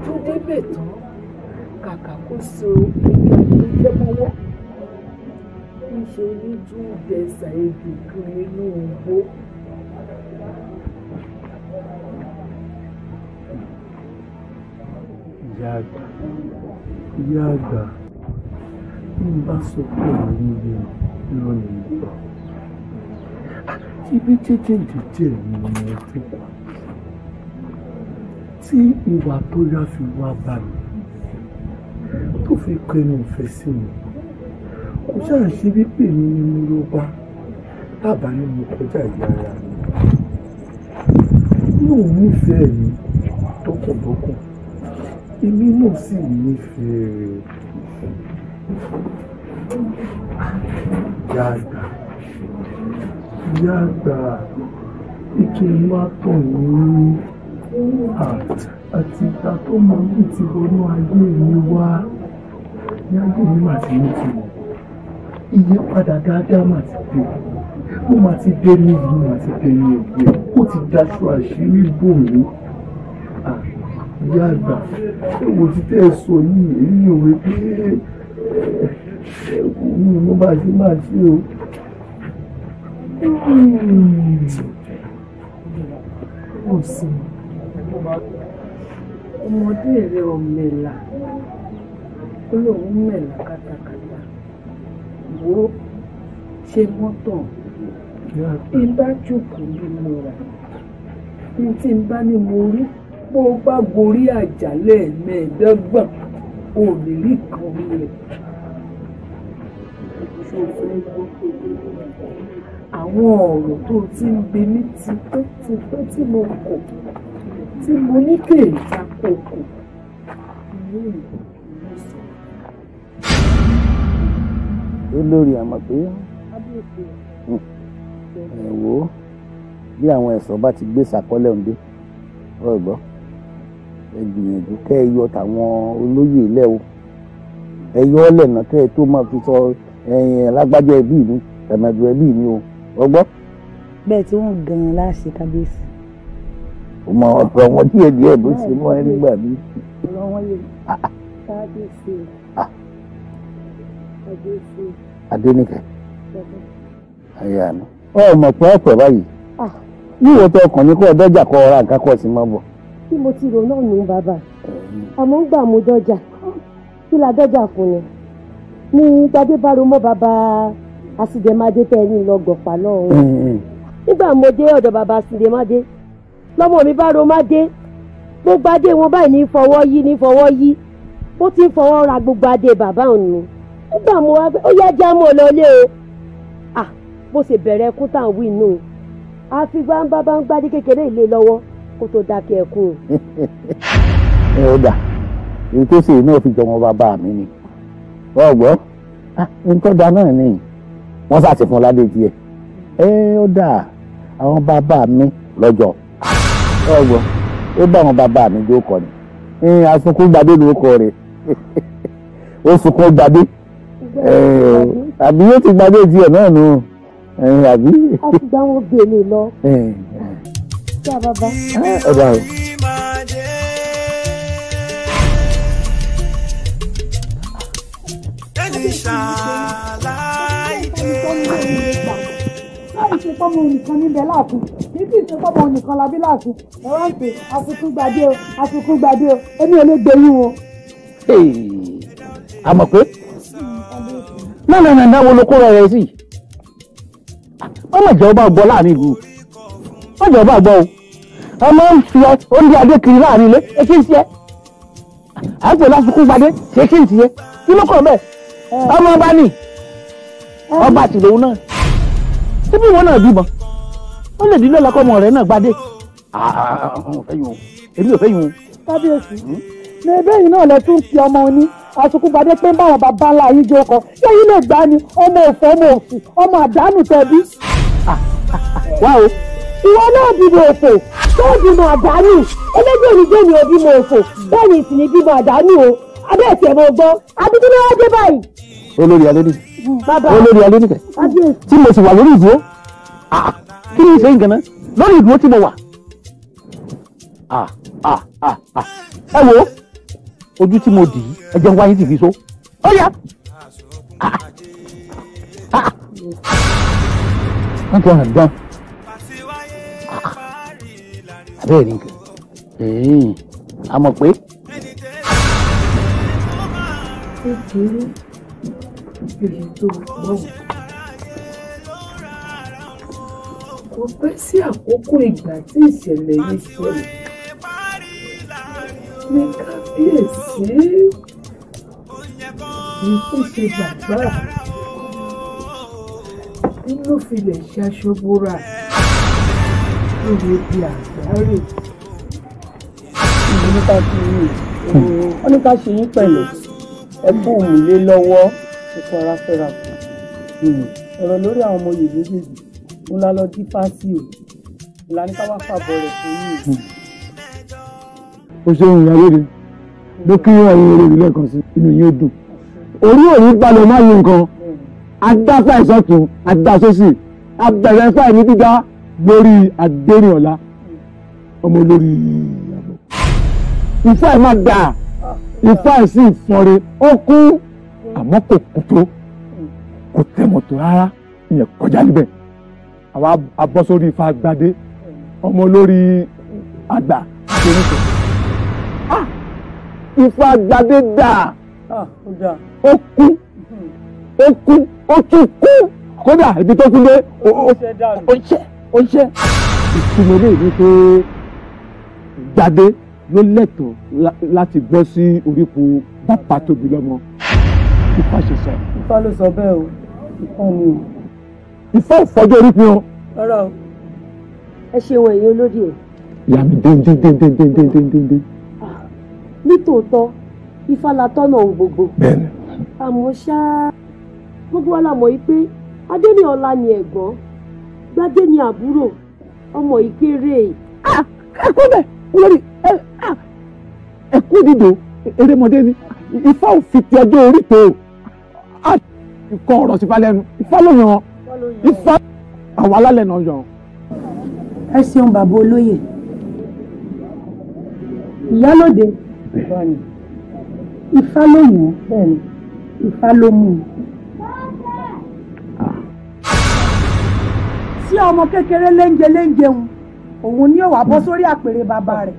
Speaker 1: tó débẹ̀ tán kàkà kó so ẹgbẹ́ agbẹjẹ́ mọ́wọ́. ń ṣe ojú gẹ̀ẹ́sà èdè kiri inú igbó. ìyá àgbà ìyá àgbà bí mo bá sọ pé àwọn ilé irọ́ ni mo gbà ibi jẹ́jẹ́jì díẹ̀ ni mo fi wà tí ìwà tó yá fi wá bá mi tó fi kẹ́nu ìfẹ́ sí mi ó ṣàrà sí wípé mi ni mo ló pa tábà ni mo kọjá ìyá ara mi yóò nífẹ̀ẹ́ mi tọkàntọkàn èmi náà sì nífẹ̀ẹ́ rẹ̀ ìyá àgbà ìyá àgbà ike máa tàn yín àti ìgbà tó mọ ní ti wọnú ayé mi wá ní ayé mi ti ní ti wọ̀ ìyípadà dáadáa mà ti dé mo mà ti dé ní ìlú mà ti dé ní ẹgbẹ́ ó ti daṣọ àṣírí bò mí ìyá àgbà èwo ti tẹ́ ẹ sọ yìí èyí òwe pé mi ò mọ bá ṣe máa ṣe o. Hmm. ọmọdé rẹ ọmọ ẹ̀là ó lóun mẹ̀lá kátàkátà ìyàwó ṣe mọ́tò bí n bá jòkó ni mo rà ní tí n bá ní mo rí bó o bá gorí àjà lẹ́ẹ̀mẹ́ẹ̀ẹ́dọ́gbọ̀n o lè rí kan rẹ̀. àwọn ọ̀rọ̀ tó ti ń gbé ní tipẹ́tipẹ́ tí mo kọ̀ tí mo ní kéèta kò kò. mm olórí àmọ́ pé hmm. ẹ wò ó bí àwọn ẹ̀sọ́ bá ti gbé sàkọ́lẹ̀ òǹdé ọ̀gbọ́ ẹ gbìyànjú kẹ́ ẹ yọ tàwọn olóyè ilẹ̀ o ẹ yọ ọ́ lẹ̀nà kẹ́ ẹ tó máa fi sọ ẹ̀yìn alágbájọ ẹbí mi tẹ̀mẹ̀dù ẹbí mi o ọgbọ́. bẹ́ẹ̀ tí wọ́n gan-an láṣẹ kábíyèsí. ó mọ ọ̀rọ̀ wọn díẹ̀díẹ̀ bó ṣe mọ́ ẹ nígbà mi. ọ̀rọ̀
Speaker 2: wọn yé ah, ah. kábíyèsí.
Speaker 1: Adéníkẹ́ ayé àná ọ mọ̀ pé ọ̀pẹ̀ báyìí yíwo ah. tó ọkàn ní kó o dọ́jà kọ ọ̀ra nǹkan kọ́ sí máa bọ̀.
Speaker 2: bí mo ti rò náà nù bàbá àmọ́ ń gbà mo dọ́jà kí la dọ́jà fún ni ní gbadé bá ro mọ́ bàbá àsìdèmádé tẹ́yìn lọ gọ̀fà lọ́hùn
Speaker 1: nígbà mo dé ọ̀dọ̀ bàbá àsìdèmádé lọ́mọ mi bá ro mádé gbogbo adé wọn báyìí ní fọwọ́ yí ní fọwọ́ yí ó ti ń fọwọ́ ra gbogbo adé bàbá òun ni nígbà mo wá fẹ́ ó yá já mọ́ lọlé o ah bó ṣe bẹ̀rẹ̀ ẹkún tá à ń wí nù àfi gbangba bá ń gbádí kékeré ilé lọ́wọ́ kó tó dákẹ́ ẹkún. ẹ ó dà èyí tó ṣe náà fi jọmọ mi ni ọgbọ́n nǹkan da náà ni wọ́n ṣàṣẹ fún ọládé díẹ̀ ẹ ó dà àwọn bàbá mi lọ́jọ́ ọgbọ́n ó bá àwọn bàbá mi jókòó ni asunkun gbadé ló kọ rẹ̀ ó sunkún gbadé. Eh, àbí yóò ti gbadé tiẹ̀ náà nù eh, àbí. a ti gbá wọn gbèlè lọ. ṣé eh,
Speaker 2: a bá bá. ọba
Speaker 1: o. láì o. a mọ̀ pé náà nàìjíríà wo ló kó rẹ̀ rẹ̀ sí ọmọ ìjọba gbọ́ láàrin ìlú ọmọ ìjọba gbọ́ o ọmọ ń fi oúnjẹ adé kiri láàrin ilé ṣé kí n tiẹ̀ à ń pè lásìkò gbadé ṣé kí n tiẹ̀ kí ló kọ̀ bẹ́ẹ̀ ọmọ ọba nì ọba tìlóhùn náà síbí ìwọ náà bímọ ó lè dín lọ́la kọ́mọ rẹ̀ náà gbadé èmi ò fẹ́ yùn o. kábíyèsí ní ẹgbẹ́ yìí náà lẹ tún fi ọmọ oní àsukúbadé pé báwọn bàbá ńlá yìí jó kan ṣé yín lè gbá ni ọmọ òfò ọmọ òfò ọmọ àdánù tẹbí. wá o. ìwọ náà dìbò òfò tó dìbò àdánù eléjò ní jẹ́ mi ò dìbò òfò bẹ́ẹ̀ ni ìsìn dìbò àdánù o abẹ́ ẹ̀sẹ̀ mo gbọ́ abidjan ni wọ́n dé báyìí. olórí alẹ́ni hmm, olórí alẹ́ni kẹ tí mo sì wà lórí ìdúró ah, ah, kí ni ìṣe nǹkan náà lórí ìdúró tí mo wà ah, ẹ wo ojú tí mo dì í ẹ̀jẹ̀ wáyé sì fi so ó yá. wọ́n ti hàn gan. àbẹ́ẹ̀ ni a mọ̀ pé. kékeré èyí tó gbọ́ kò pẹ́ sí àkókò ìgbà tí ìṣẹ̀lẹ̀ yìí ṣẹlẹ̀ ṣe kábíyèsí ikú ṣe bàbá inú filẹ̀ ṣe aṣọ́búra lórí ibi àgbáre. ìlú ká ti rí wọn ní ká ṣe yín pẹ̀lẹ́ ẹ kú òmùlé lọ́wọ́ ẹ̀kọ́ ara fẹ́ra kù hmm. ọ̀rọ̀ lórí àwọn ọmọ yìí méjèèjì ńlá lọ dífá sí o ńlá ká wá fàbọ̀ rẹ̀ fún yìí. Hmm o ṣeun ìyàwó rẹ ló kí ẹ̀yin eré rẹ lẹ́ẹ̀kan sí inú yín ó dùn orí òní balẹ̀ má yí nǹkan adáfà ìsọ̀tún adásósì abẹ̀rẹ̀ fà ní dídá lórí adẹ́rìnọ̀lá ọmọ olórí ìyàbọ̀ ìfẹ́ má dà ìfẹ́ sí ìfọ̀rẹ́ ó kú àmọ́ kò kú tó kò tẹ̀mọ̀tò rárá ìyẹn kọjá níbẹ̀ àwa abọ́ sórí ifá gbadé ọmọ olórí àgbà àti oníṣòwò ifá gbadé dà ó kú ó kú ó tún kú kódà ibi tó kú dé ó ń ṣe ó ń ṣe ìtumọ̀ lè ní pé gbadé ló lẹ́tọ̀ọ́ láti bọ́ sí oríkun bàbá tóbi lọ́mọ ifá ṣe sọ. ifá ló sọ bẹ́ẹ̀ o ifá ni o. ifá ò fọjọ́ oríkun o. rárá o
Speaker 2: ẹ ṣe wọ̀nyí olódì o.
Speaker 1: ìyá mi dé dé dé dé dé dé dé dé
Speaker 2: nítòótọ́ ifá la tọ́nà ohun gbogbo. àmọ́ ṣá gbogbo wa la mọ̀ yìí pé adé ni ọlá ni ẹ̀gbọ́n gbadé ni àbúrò ọmọ yìí kéré. ẹ kú bẹ́ẹ̀ olórí
Speaker 1: ẹ kú dìdò erémọdé ni ifá ò fi ti ọjọ́ orí pé o a kọ ọ̀rọ̀ sí falẹ̀ nu ifá ló yàn ifá àwọn alálẹ̀ náà yàn. ẹ ṣeun bàbá olóyè ìyálòde irọ́ ni ifá ló yàn án bẹ́ẹ̀ ni ifá ló mú un. Ah. tí ọmọ kékeré léńjẹ léńjẹ ń òun ni ó wá bọ́ sórí àpèrè bàbá rẹ̀.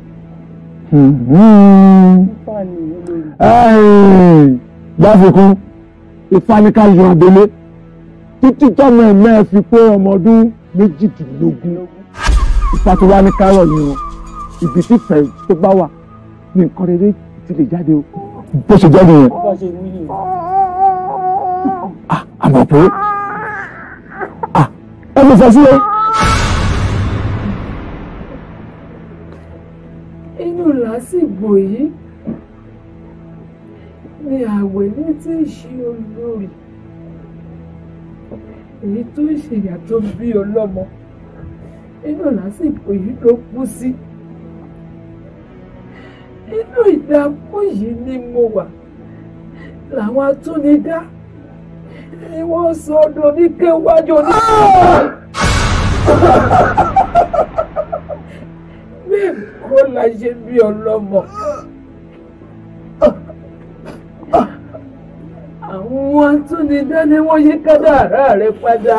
Speaker 1: láfikún ifá ní ká yan títí tọ́mọ ẹ̀mẹ́ fi pé ọmọ ọdún méjìdínlógún ifá ni wọn ibi tí tó bá wà nǹkan rere ti lè jáde o bó ṣe jáde yẹn àmọ̀ ah, pé ah, ẹ lè fẹ́ sílẹ̀. inú làásìgbò yìí ni àwẹ̀ ní tí ń ṣe olórí èyí tó ń ṣèyà tó bí ọlọ́mọ inú làásìgbò yìí ló kú sí. Si nínú ìdààmú yìí ni mo wà làwọn atúnidá ni wọ́n sọ ọdún oníkéwájú ní. bẹ́ẹ̀ kọ́ la ṣe bí ọlọ́mọ. àwọn atúnidá ni wọ́n yí kádàrá rẹ̀ padà.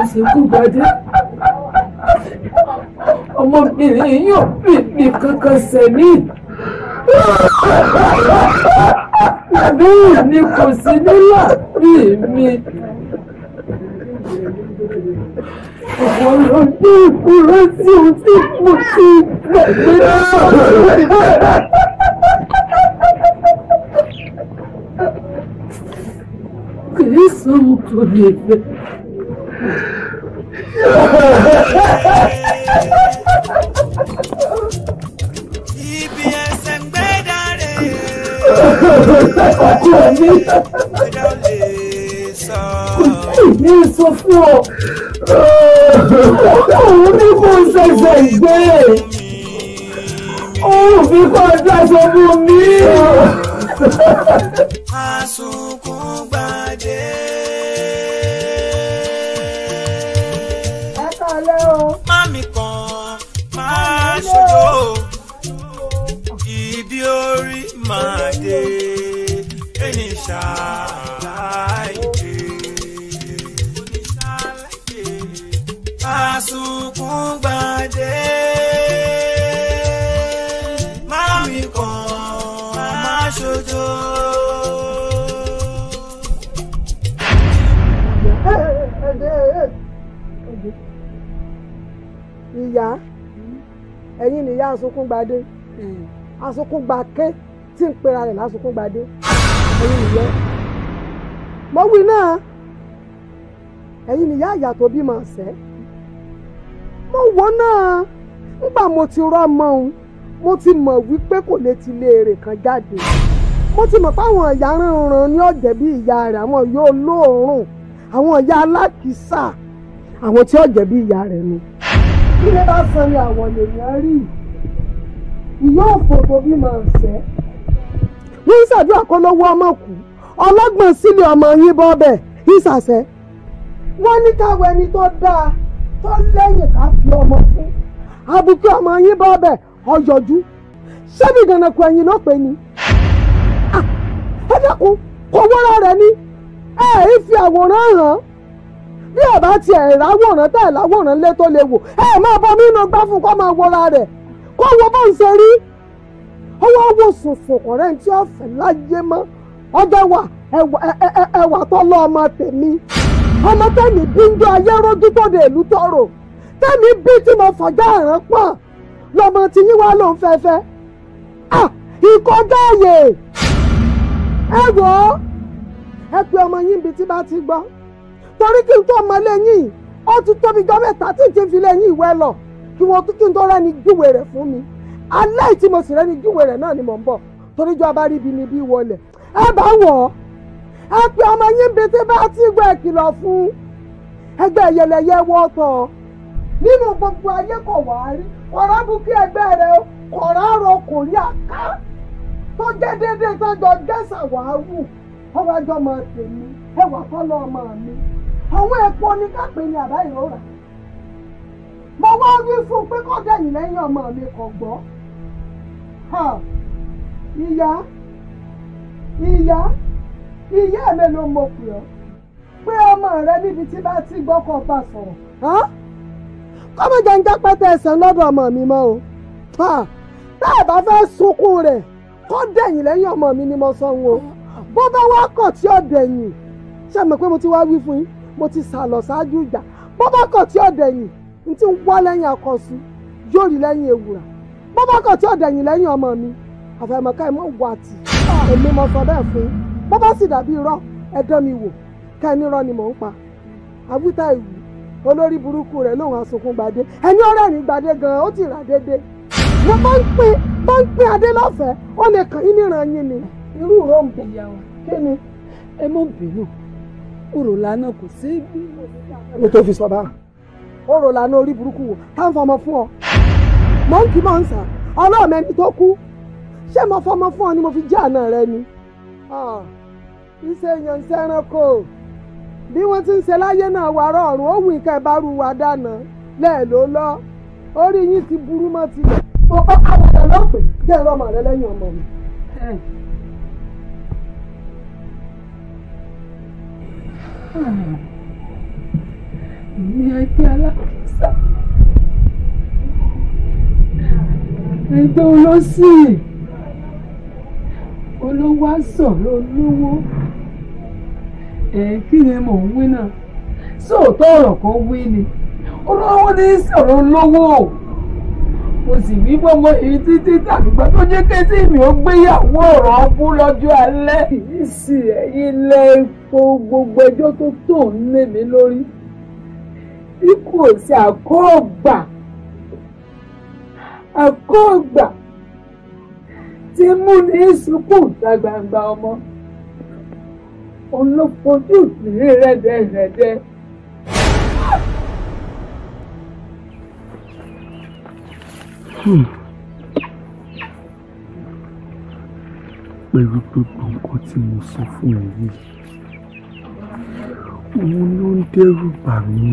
Speaker 1: àsìkò gbadé ọmọbìnrin yóò pèpè kankan sẹ́ni
Speaker 3: bẹ́ẹ̀ ni kò sí nílà bíi mi ọ̀pọ̀ ló ní ìkúrò tí o
Speaker 2: ti mú sí
Speaker 3: gbẹ̀gbẹ́ náà.
Speaker 2: kì sọ̀rọ̀ tó lè fẹ́ ibi
Speaker 1: mi sọ fún ọ òun ní kò ṣẹ̀ṣẹ̀ gbé òun fi kọ́ ọjọ́ fún mi. Asokúngbadé hmm. Asokúngbàké tí ń pera rẹ̀ lÁsokúngbadé ẹ̀yin nìyẹn mo wí náà ẹ̀yin nìyá àyà tó bí màá sẹ́ mo wọ́ náà nígbà mo ti rọ́ mọ́ òun mo ti mọ̀ wípé kò lè ti lé èrè kan jáde mo ti mọ̀ fáwọn ìyá ránran ní ọ̀jẹ̀ bí ìyá rẹ̀ àwọn yóò lóòórùn àwọn ìyá alákìísà àwọn tí ọ̀jẹ̀ bí ìyá rẹ̀ ni ilé lásán ni àwọn èèyàn rí yìí ìyá òfòfò bí màá ṣẹ́. wọ́n ń ṣàdúrà kó lówó ọmọ kù ọlọ́gbọ̀n sílé ọmọ yín bọ́ bẹ̀ ìṣàṣẹ. wọ́n ní káwọn ẹni tó dáa tó lẹ́yìn ká fi ọmọ fún. àbùkù ọmọ yín bọ́ bẹ̀ ọ̀yọ̀jú ṣebí ìdànàkù ẹ̀yìn ló pè ní. ẹ dákun kò wọ́rọ̀ rẹ̀ ni ẹ ẹ fi àwòrán hàn án bí ọba tiẹ̀ ráwòrán tẹ̀ láwòrán lé tó lè wò ẹ máa bọ mí inú gbá fún kó máa wọra rẹ̀ wọ́n wo bó ń ṣe rí ọwọ́ wo sùnsùn ọ̀rẹ́ tí ó fẹ́ láyé mọ́ ọjọ́ wà ẹwà tó lọ ọmọ tèmi ọmọ tẹ́mi bí ń jọ ayé rọ́jú tó de ìlú tọrọ tẹ́mi bí tí mo fọjá àrán pọ̀ lọ́mọ tí yín wá ló ń fẹ́fẹ́ ìkọjá ààyè ẹ wò ó ẹ pe ọmọ yín ibi tí bá ti gbọ́ torí kí n tó ọmọ lẹ́yìn ó ti tóbi jọ́ mẹ́ta tí n ti fi lẹ́yìn ìwẹ́ lọ kí wọ́n kí n tó rẹ́ni júwe rẹ̀ fún mi alẹ́ tí mo sì rẹ́ni júwe rẹ̀ náà ni mò ń bọ̀ toríjọ́ abárí ibi ni bí wọlé ẹ bá wọ̀ ọ́ ẹ pé ọmọ yín bíi tí bá ti gbọ́ ìkìlọ̀ fún ẹgbẹ́ yẹlẹyẹ wọ́tọ̀ nínú gbogbo ayé kò wá rí kọ̀ọ̀rọ̀ bukí ẹgbẹ́ rẹ kọ̀ọ̀rọ̀ rọ kò rí àká tó jẹ́ déédéé sọ́jọ́ gẹ́sà wàá wù ọwọ́ ẹjọ́ máa tèmi ẹwà fọ́lọ́ ọmọ mi àwọn ẹ̀pọ́ ní kápẹ́ ni àbá ìrora mo wá wí fún un pé kó dẹ̀yìn lẹ́yìn ọmọ mi kò gbọ́ ìyá ìyá ìyá mi ló mọ̀ pé ọ́ pé ọmọ rẹ níbi tí bá ti gbọ́ kó bá sọ̀rọ̀ kọ́mọ jẹ́njẹ́ pẹ́tẹ́ ẹ̀sẹ̀ lọ́dọ̀ ọmọ mi mọ́ o tá a bá fẹ́ sunkún rẹ̀ kó dẹ̀yìn lẹ́yìn ọmọ mi ni mo sọ ń o bó bá wá kọ̀ tí ó dẹ̀yìn ṣe mọ̀ pé mo ti wá wí fún yín mo ti sàlọ̀ ṣáájú ìjà bó bá kọ̀ tí ó dẹ̀yìn n ti wá lẹ́yìn akọ̀sùn yóò rí lẹ́yìn ewùrà bọ́bá kan tí ọ̀dẹ̀yìn lẹ́yìn ọmọ mi àfẹ̀mọ́ká ẹ̀ mọ́ wà tì èmi mọ sọ bẹ́ẹ̀ fún bọ́bá sì dàbí irọ́ ẹ dán mi wò ká ẹni irọ́ ni mò ń pa àwítà ìwú olórí burúkú rẹ̀ lòun àsokùn gbadé ẹni ọ̀rẹ́ rìn gbadé gan ó ti rà dédé mo bá ń pín bá ń pín adé lọ́fẹ̀ẹ́ ó lè kàn yín níran yín ni irú ìró ń bẹ̀ kí ni ẹ mọ̀ bínú o rò lànà orí burúkú wò tá ń tó kú mo fọmọ fún ọ ni mo fi jẹ́ àná rẹ ni iṣẹ́ èèyàn bí wọ́n ti ń ṣe láyé náà wà rọrùn ó wa dáná lẹ́ẹ̀ló lọ orí yín ti burú mọ́ tilẹ̀ mo O àwọn ọ̀rẹ́ lọ́pẹ́ jẹ́ ìrọ́mọ rẹ lẹ́yìn ọmọ mi. Hmm. èmi ẹgbẹ́ alákìsà ẹgbẹ́ olóṣìí olówó sọ̀rọ̀ olówó ẹ̀ kí ni mò ń wí náà sóòótọ́ ọ̀rọ̀ kó wí ni olówó ní sọ̀rọ̀ olówó mo sì wí gbọ́mọ èyí títí tàbí gbà tó jẹ́ kétí mi ó gbéyàwó ọ̀rọ̀ ọkú lọ́jọ́ alẹ́. ìyí sì ẹ̀yìn gbogbo ẹjọ́ tó tó ń lé mi lórí bí kò sí àkóògbà àkóògbà tí mú ní sunkún ìta gbangba ọmọ olókojú ìrírí rẹ́dẹ̀rẹ́dẹ́. pẹ̀lú gbogbo nǹkan tí mo sọ fún ẹ yìí òun ló ń dẹ́rù bà mí.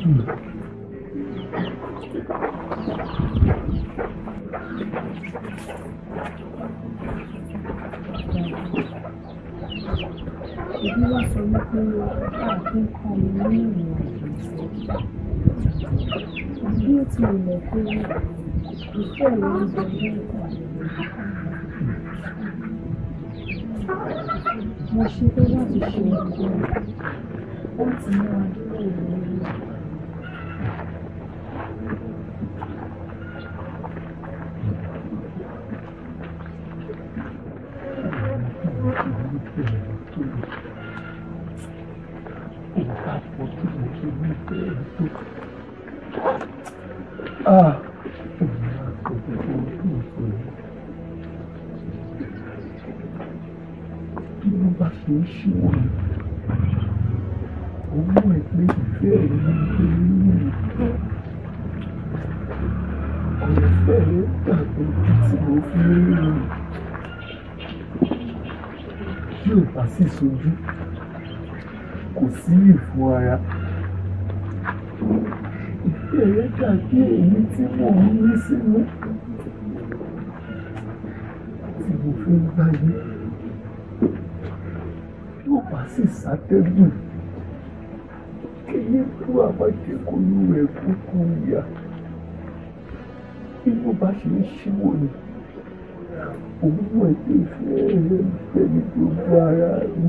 Speaker 1: ìdí sọ wípé káàkiri kan ní nínú ìrìnàjò bí ó ti lè pé ìfẹ́ ìlú ìjọba ìta mo ṣe pé láti ṣe ìjọba láti
Speaker 3: mú adúlọ̀ ìlú
Speaker 1: bí ìfẹ́ rẹ dàbí èyí tí mò ń rí sínú tí mo fi ń gbáyé bí ó bá sì sátẹ́gùn kí ní tú àbájẹ́kọ̀ọ́ rẹ̀ kúkú yá bí mo bá ṣe ń ṣíwò ni òun mọ̀ pé ìfẹ́ rẹ ń bẹ ní gbogbo ara mi.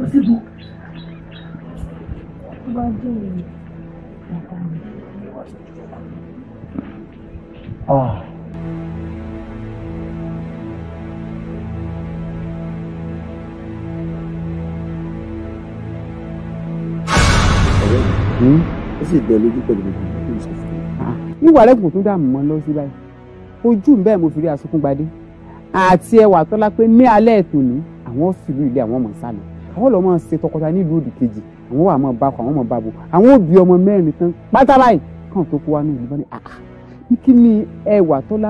Speaker 1: kò ó sì bẹ lójú pẹ̀lú gbogbo ìgbà tó fún mi. ìwà rẹ̀ gùn tún dààmú mọ́ lọ sí báyìí ojú bẹ́ẹ̀ mo fi rí Asúnkúngbadé àti ẹwà tọ́lá pé ní alẹ́ ètò ní àwọn fìlú ilé àwọn ọmọ sálọ àwọn lọ́ọ́ máa ṣe tọkọtaya nílùú òdì kejì àwọn wà máa bá kọ àwọn máa bá bo àwọn òbí ọmọ mẹ́rin tán pátá báyìí káwọn tó kó wa ní ìlú ní àhà ní kí ni ẹwà tọ́lá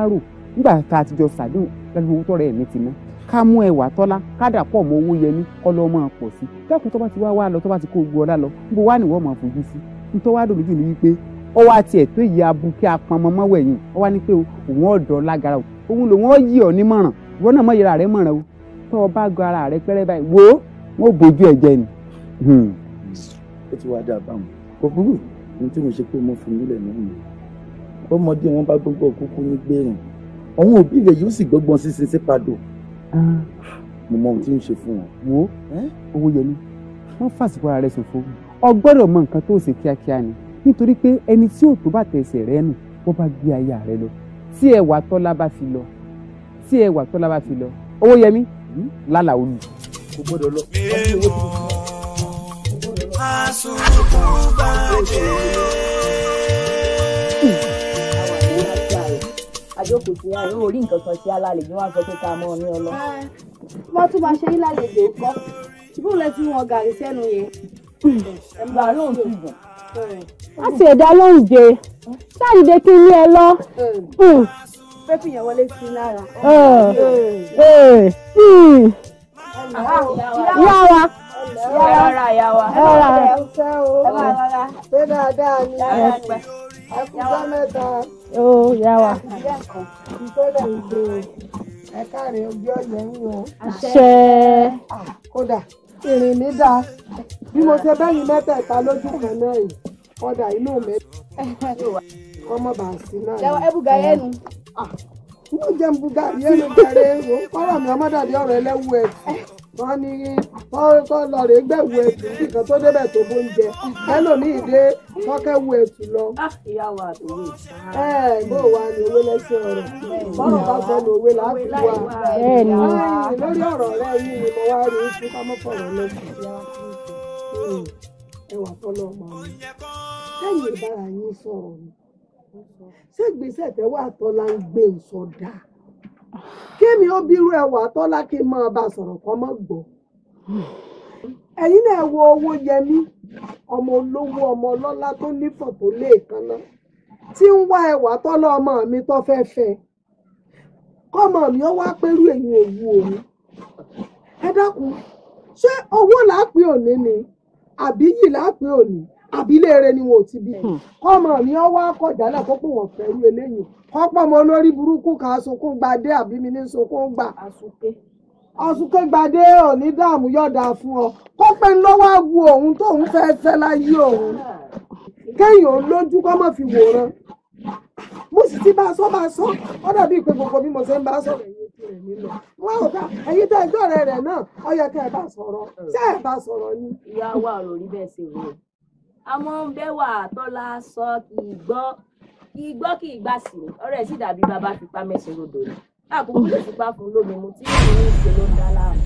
Speaker 1: nígbà tá a ti jọ sàdéhùn láti owó tọ́rẹ̀ ẹ̀mí ti ná ká mú ẹwà tọ́lá kádà pọ̀ mọ́ owó yẹmí kọ́ lọ́ọ́ máa pọ̀ sí dákun tó bá ti wá wá lọ tó bá ti kó gbó ọlá lọ níbo wá nìwọ́ máa fojú sí nítorí wá dòmíjì ní wípé ó wá tiẹ̀ tó yẹ abu kí a pọn ọmọ mọ́wọ́ ẹ̀yìn ó wá ní pé òun ọ̀dọ́ lágara o òun lòun ó yí ọ nímọ̀ràn ìwọ náà mọ̀ yẹra rẹ mọ̀ràn o tó o bá gba ara rẹ pẹ́rẹ́ báyìí wò wọ́n bójú ẹ̀ jẹ́ ni. Hmm. ó ti wá dáa báwọn kò burú ní tí mo ṣe pé mo fi nílẹ̀ náà mi ọmọdé wọn bá gbogbo òkúkú ní gbẹ̀rùn àwọn òbí rẹ̀ yóò sì gbọ́gbọ́n sísin sí padò mo mọ ohun tí ń ṣe fún wọn. wo owó yẹmi wọn fàṣìkò ara rẹ̀ ṣòfò o gbọ́dọ̀ mọ nǹkan tó ṣe kíákíá ni nítorí pé ẹni tí ò tó bá tẹsẹ̀ rẹ̀ nù wọ́n bá gbé aya rẹ̀ lọ tí ẹwà tọ́lá bá fi lọ tí ẹwà tọ́lá bá fi lọ owó yẹmi hmm? lálàó lù kò gbọ́dọ̀ lọ. àsùnkùn bàjẹ́.
Speaker 2: àjókòó ti wá yóò rí nǹkan kan sí alálejò wá sọ pé ká mọ ní ọlọ. wọ́n tún máa ṣe yín lálejò kọ́ ṣùgbọ́n lè ti wọn gàrí sẹ́nu yẹn. ẹ̀mbà lóhùn ti dùn. a sì ẹ̀dá lóhùn jẹ sáàdìde kí n ní ẹ lọ
Speaker 1: fẹ́ fìyàn wọlé sí i lára yá wa.
Speaker 2: Yàrá yàwá. Ẹ
Speaker 1: fẹ́ o. Ẹ máa rárá. Ṣé dáadáa ni? Ẹ fẹ́. Ẹ kú bá mẹ́ta.
Speaker 2: Ó yàwá.
Speaker 1: Ṣé dáadáa ẹ káre ojú ọ̀yẹ́ ń wo. Àṣẹ. Kódà
Speaker 2: ìrìn mi dáa. Bí mo
Speaker 1: ṣe bẹ́yìn mẹ́tẹ̀ẹ̀ta lójú kan náà yìí, kódà inú mi kọ́mọ́ bá sí náà. Yàwá ẹ bùgà yẹnu mo jẹ́ ń bùgà yẹnu kẹrẹ́ o kọ́ra mi ọmọdàdé ọ̀rọ̀ ẹlẹ́wù ẹ̀ tì wọ́n ní kọ́ lọ rè gbẹ̀wò ẹ̀tù nìkan tó débẹ̀ tó bó ń jẹ ẹlòmíì dé kọ́kẹ́ wo ẹ̀tù lọ. Ah, ìyá wa àtòwé. ẹ ẹ bó wa ni owó lẹ́sìn ọ̀rọ̀ bọ́ọ̀ bá sọ ní òwe láti wá. bẹ́ẹ̀ni. lórí ọ̀rọ̀ rẹ yìí ni mo wá rí ikú kámọ́fọ̀rọ̀ lẹ́sìn ẹwà tọ́lọ́ ọmọ mi lẹ́yìn ìbára yín sọ̀rọ̀ mi ṣé gbèsè tẹ́wọ́ àtọ́lá ń gbé òsọ̀dá. kémi ó bírú ẹwà tọ́lá kí n máa bá sọ̀rọ̀ kọ́ mọ́ gbọ́ ẹ̀yin náà wo owó yẹmí ọmọ olówó ọmọ ọlọ́lá tó nífọ̀ tó lé èkánná tí ń wá ẹwà tọ́lá ọmọ mi tó fẹ́ fẹ́ kọ́mọ mi ó wá pẹ́rú èyí òwú òun ẹ dákun ṣé owó làápẹ́ òní ni àbí yìí làápẹ́ òní àbí léèrè ni wọn ò ti bí hmm. kọ́mọ mi ó wá kọjá náà kó pò wọ́n fẹ́rú eléyìí kọ́pọ̀ mọ́ lórí burúkú kan sunkún gbadé àbí mi ní sunkún gbà. ọ̀sùnkún gbadé ò ní dààmú yọ̀dà fún ọ kó pé lọ́wọ́ àgbo òun tóun fẹ́ fẹ́ láyé òun kéèyàn lójú kọ́ mọ̀ fi wòran mo sì ti bá a sọ bá a sọ ọ dàbí ìpè gbogbo bí mo ṣe ń bá a sọ̀rọ̀ yìí ò ká ẹ̀yin tó ẹjọ́ rẹ̀ rẹ̀ náà ọ yẹ ká ẹ bá sọ̀rọ̀ ṣé ẹ bá sọ̀rọ̀ ni. ìyá wa ò
Speaker 2: rí bẹ́ẹ̀ ṣe rò àmọ́ bẹ́wà tọ́lá sọ kì í gbọ́ kì í gbọ́ kì í gbà sí mi ọ̀rẹ́ sì dàbí bàbá fipá mẹ́sìn rodò ni àkókò lè fipá fún lómi mu tí mo ní ìṣe ló ń dá láàmú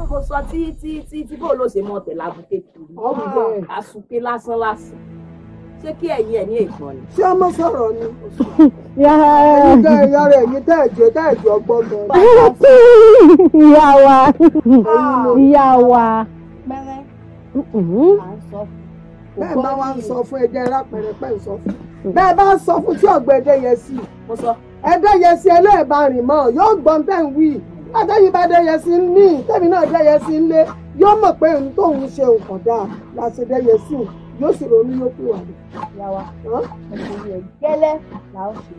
Speaker 2: ah, mo sọ tí tí tí tí bó ló ṣe mọ tẹ̀ lábùté kiri àsùpé ah, lásán lásán ṣé kí ẹ̀yin ẹ̀ ní èèkàn ni. ṣé ọmọ sọ̀rọ̀ ni. ẹyin tẹ ẹyà
Speaker 1: rẹ ẹyin tẹ ẹjẹ tẹ ẹjẹ ọgbọ́n gan.
Speaker 2: ìyá wa ah. ìyá wa. bẹ́ẹ̀ bá wa ń sọ
Speaker 1: fún ẹjẹ́ rápẹ̀rẹ̀ pẹ́ ń sọ fún
Speaker 2: sí. bẹ́ẹ̀ bá sọ fún tí
Speaker 1: ọ̀gbẹ́dẹ́ yẹ sí. mo sọ. ẹ̀dá yẹ sí ẹlẹ́ẹ̀bá rìn mọ́ yóò gbọ́n bẹ́ẹ̀ ń wí. àtẹ̀yìn bá dẹ́yẹ sí ní tẹ̀mí náà dẹ́yẹ sí lé yóò mọ̀ pé ohun tóun ṣe nǹkan dáa la ṣe dẹ́yẹ sí yóò sì ronú yóò pè wà ní. yàwá ẹ̀sìn gẹ́lẹ́ là ó ṣe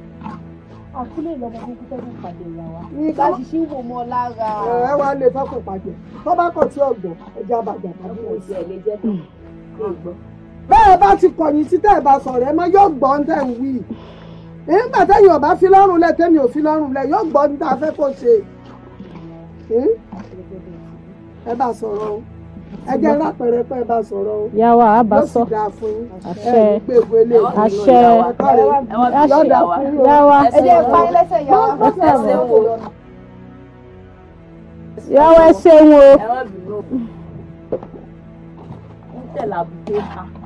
Speaker 1: àkúlé ìlọmọ kúkú tẹ́gùn pàdé ìyàwó láti
Speaker 2: ṣí wò mọ́ lára. ẹ wá lè fọkàn pàdé tó bá kàn sí ọgbọ ẹja bàjẹ́ pàdé. ọkọ òsì ẹ lè jẹ tó
Speaker 1: gbọ́ bẹ́ẹ̀ bá ti kọ̀yìn sí tẹ́ ẹ̀ bá sọ̀rọ̀ ẹ mọ́ yóò gbọ́ ń tẹ̀ ń wí nígbà tẹ́yìn ọ̀bá fi lọ́rùn lẹ̀ tẹ́mi ò fi lọ́rùn lẹ̀ yóò gbọ́ ń tà fẹ́ kó ṣe hmm? ẹ bá sọ̀rọ̀ o ẹ jẹ́ lápẹ̀rẹ̀ pé ẹ bá sọ̀rọ̀ o yàwá a bá sọ àṣẹ àṣẹ
Speaker 2: àṣẹ yàwá ẹ jẹ́ pa ẹ lẹ́sẹ̀ yàwá ẹ sẹ́wọ̀n
Speaker 1: yàwá ẹ sẹ́wọ̀n
Speaker 2: o. ń tẹ̀lé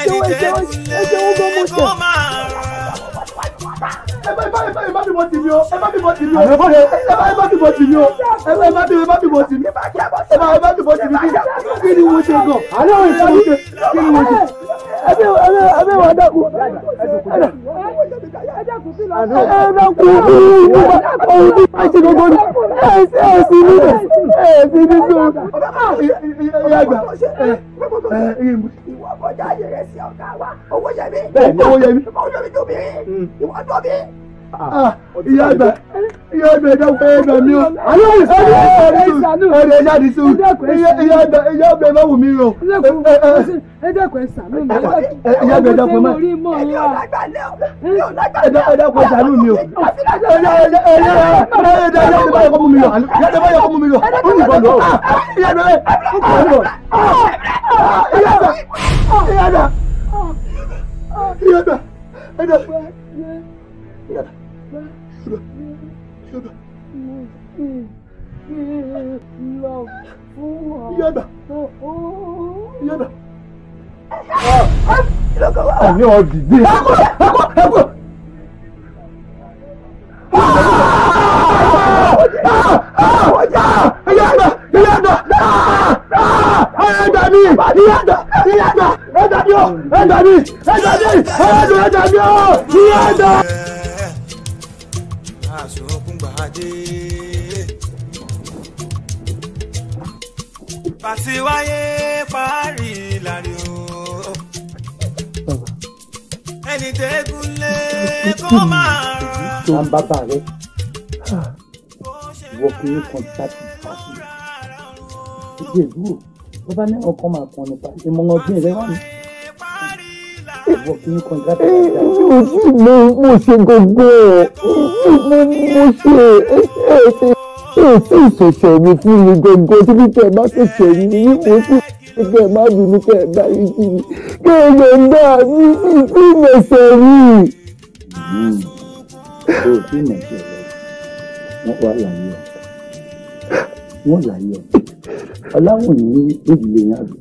Speaker 1: ẹni tẹ́lẹ̀ kó máa rà ẹ bá ẹ bá ẹ bá bímọ tì mí o ẹ bá bímọ tì mí o ẹ bá ẹ bá bímọ tì mí o ẹ bá ẹ bá bímọ tì mí ẹ bá ẹ bá bímọ tì mí kí ni wọ́n ṣe gan àlẹ́ wọ́n ṣe wọ́n ṣe kí ni wọ́n ṣe
Speaker 3: ẹbí ẹbí ẹbí wọ́n dákú ẹ dákú ohun tí wọ́n ṣe gbogbo ní ẹ ẹ sì ní bẹ̀ ẹ sì ní bẹ̀ ìyá àgbà ẹ ẹ ìyẹn ìwọ kọjá yẹrẹ sí ọgá wa owó yẹmi owó yẹmi owó yẹmi tóbi ìwọ tóbi
Speaker 1: ìyá àgbà ìyá àgbà ẹ̀dá ọ̀pẹ ẹ̀gbà mi o. ayé ìsàlù ẹ̀dá ìsàlù ẹ̀dá ìsàlù ìsàlù ìyá àgbà ìyá àgbà ẹ̀bá wù mí o.
Speaker 3: ẹ̀dá ọ̀pẹ ìsàlù mi ìyá àgbà ẹ̀dá ọ̀pẹ mọ́ ẹ̀dá ọ̀pẹ ìsàlù mi o. ẹ̀dá ọ̀pẹ ìsàlù mi o. ìyá àgbà ẹ̀dá ọ̀pẹ mi o. ìyá
Speaker 1: àgbà ẹ̀dá ọ̀pẹ mi o. ìyá àgbà ẹ̀dá ọ̀pẹ mi o. ìyá Sugar, sugar. Yada. Yada. Àní ọ̀dìdé. Yada. Yada. Ẹ̀dá mi. Yada. Yada. Ẹ̀dá mi.
Speaker 2: Ẹ̀dá mi àsùnkúngbà dé.
Speaker 1: pàṣẹ wáyé parí ìlànà ẹni tẹ́gùn lé kó máa rán. wọ́n bá bá rẹ̀ wọ́n kiri kan tàbí ìdí èdúró bó bá ní máa kàn nípa ìmọ̀ràn ọdún ìrẹ́wà mi ìwọ kí n kọjá tó dáa. mo sì mo mo ṣe gbogbo ẹ mo mo ṣe ẹ ẹ sí ìṣẹ̀ṣẹ̀ mi fún mi gbogbo títí tẹ bá ṣẹ̀ṣẹ̀ mi ní mo sì gbogbo ẹ má bínú kẹ ẹ bá rí jù mí ẹ lè dá mi sí sí ìmẹ̀sẹ̀ mi. o sí ìmẹ̀sẹ̀ rẹ wọ́n láyé ọ̀ wọ́n láyé ní ìdílé yẹn àgbẹ̀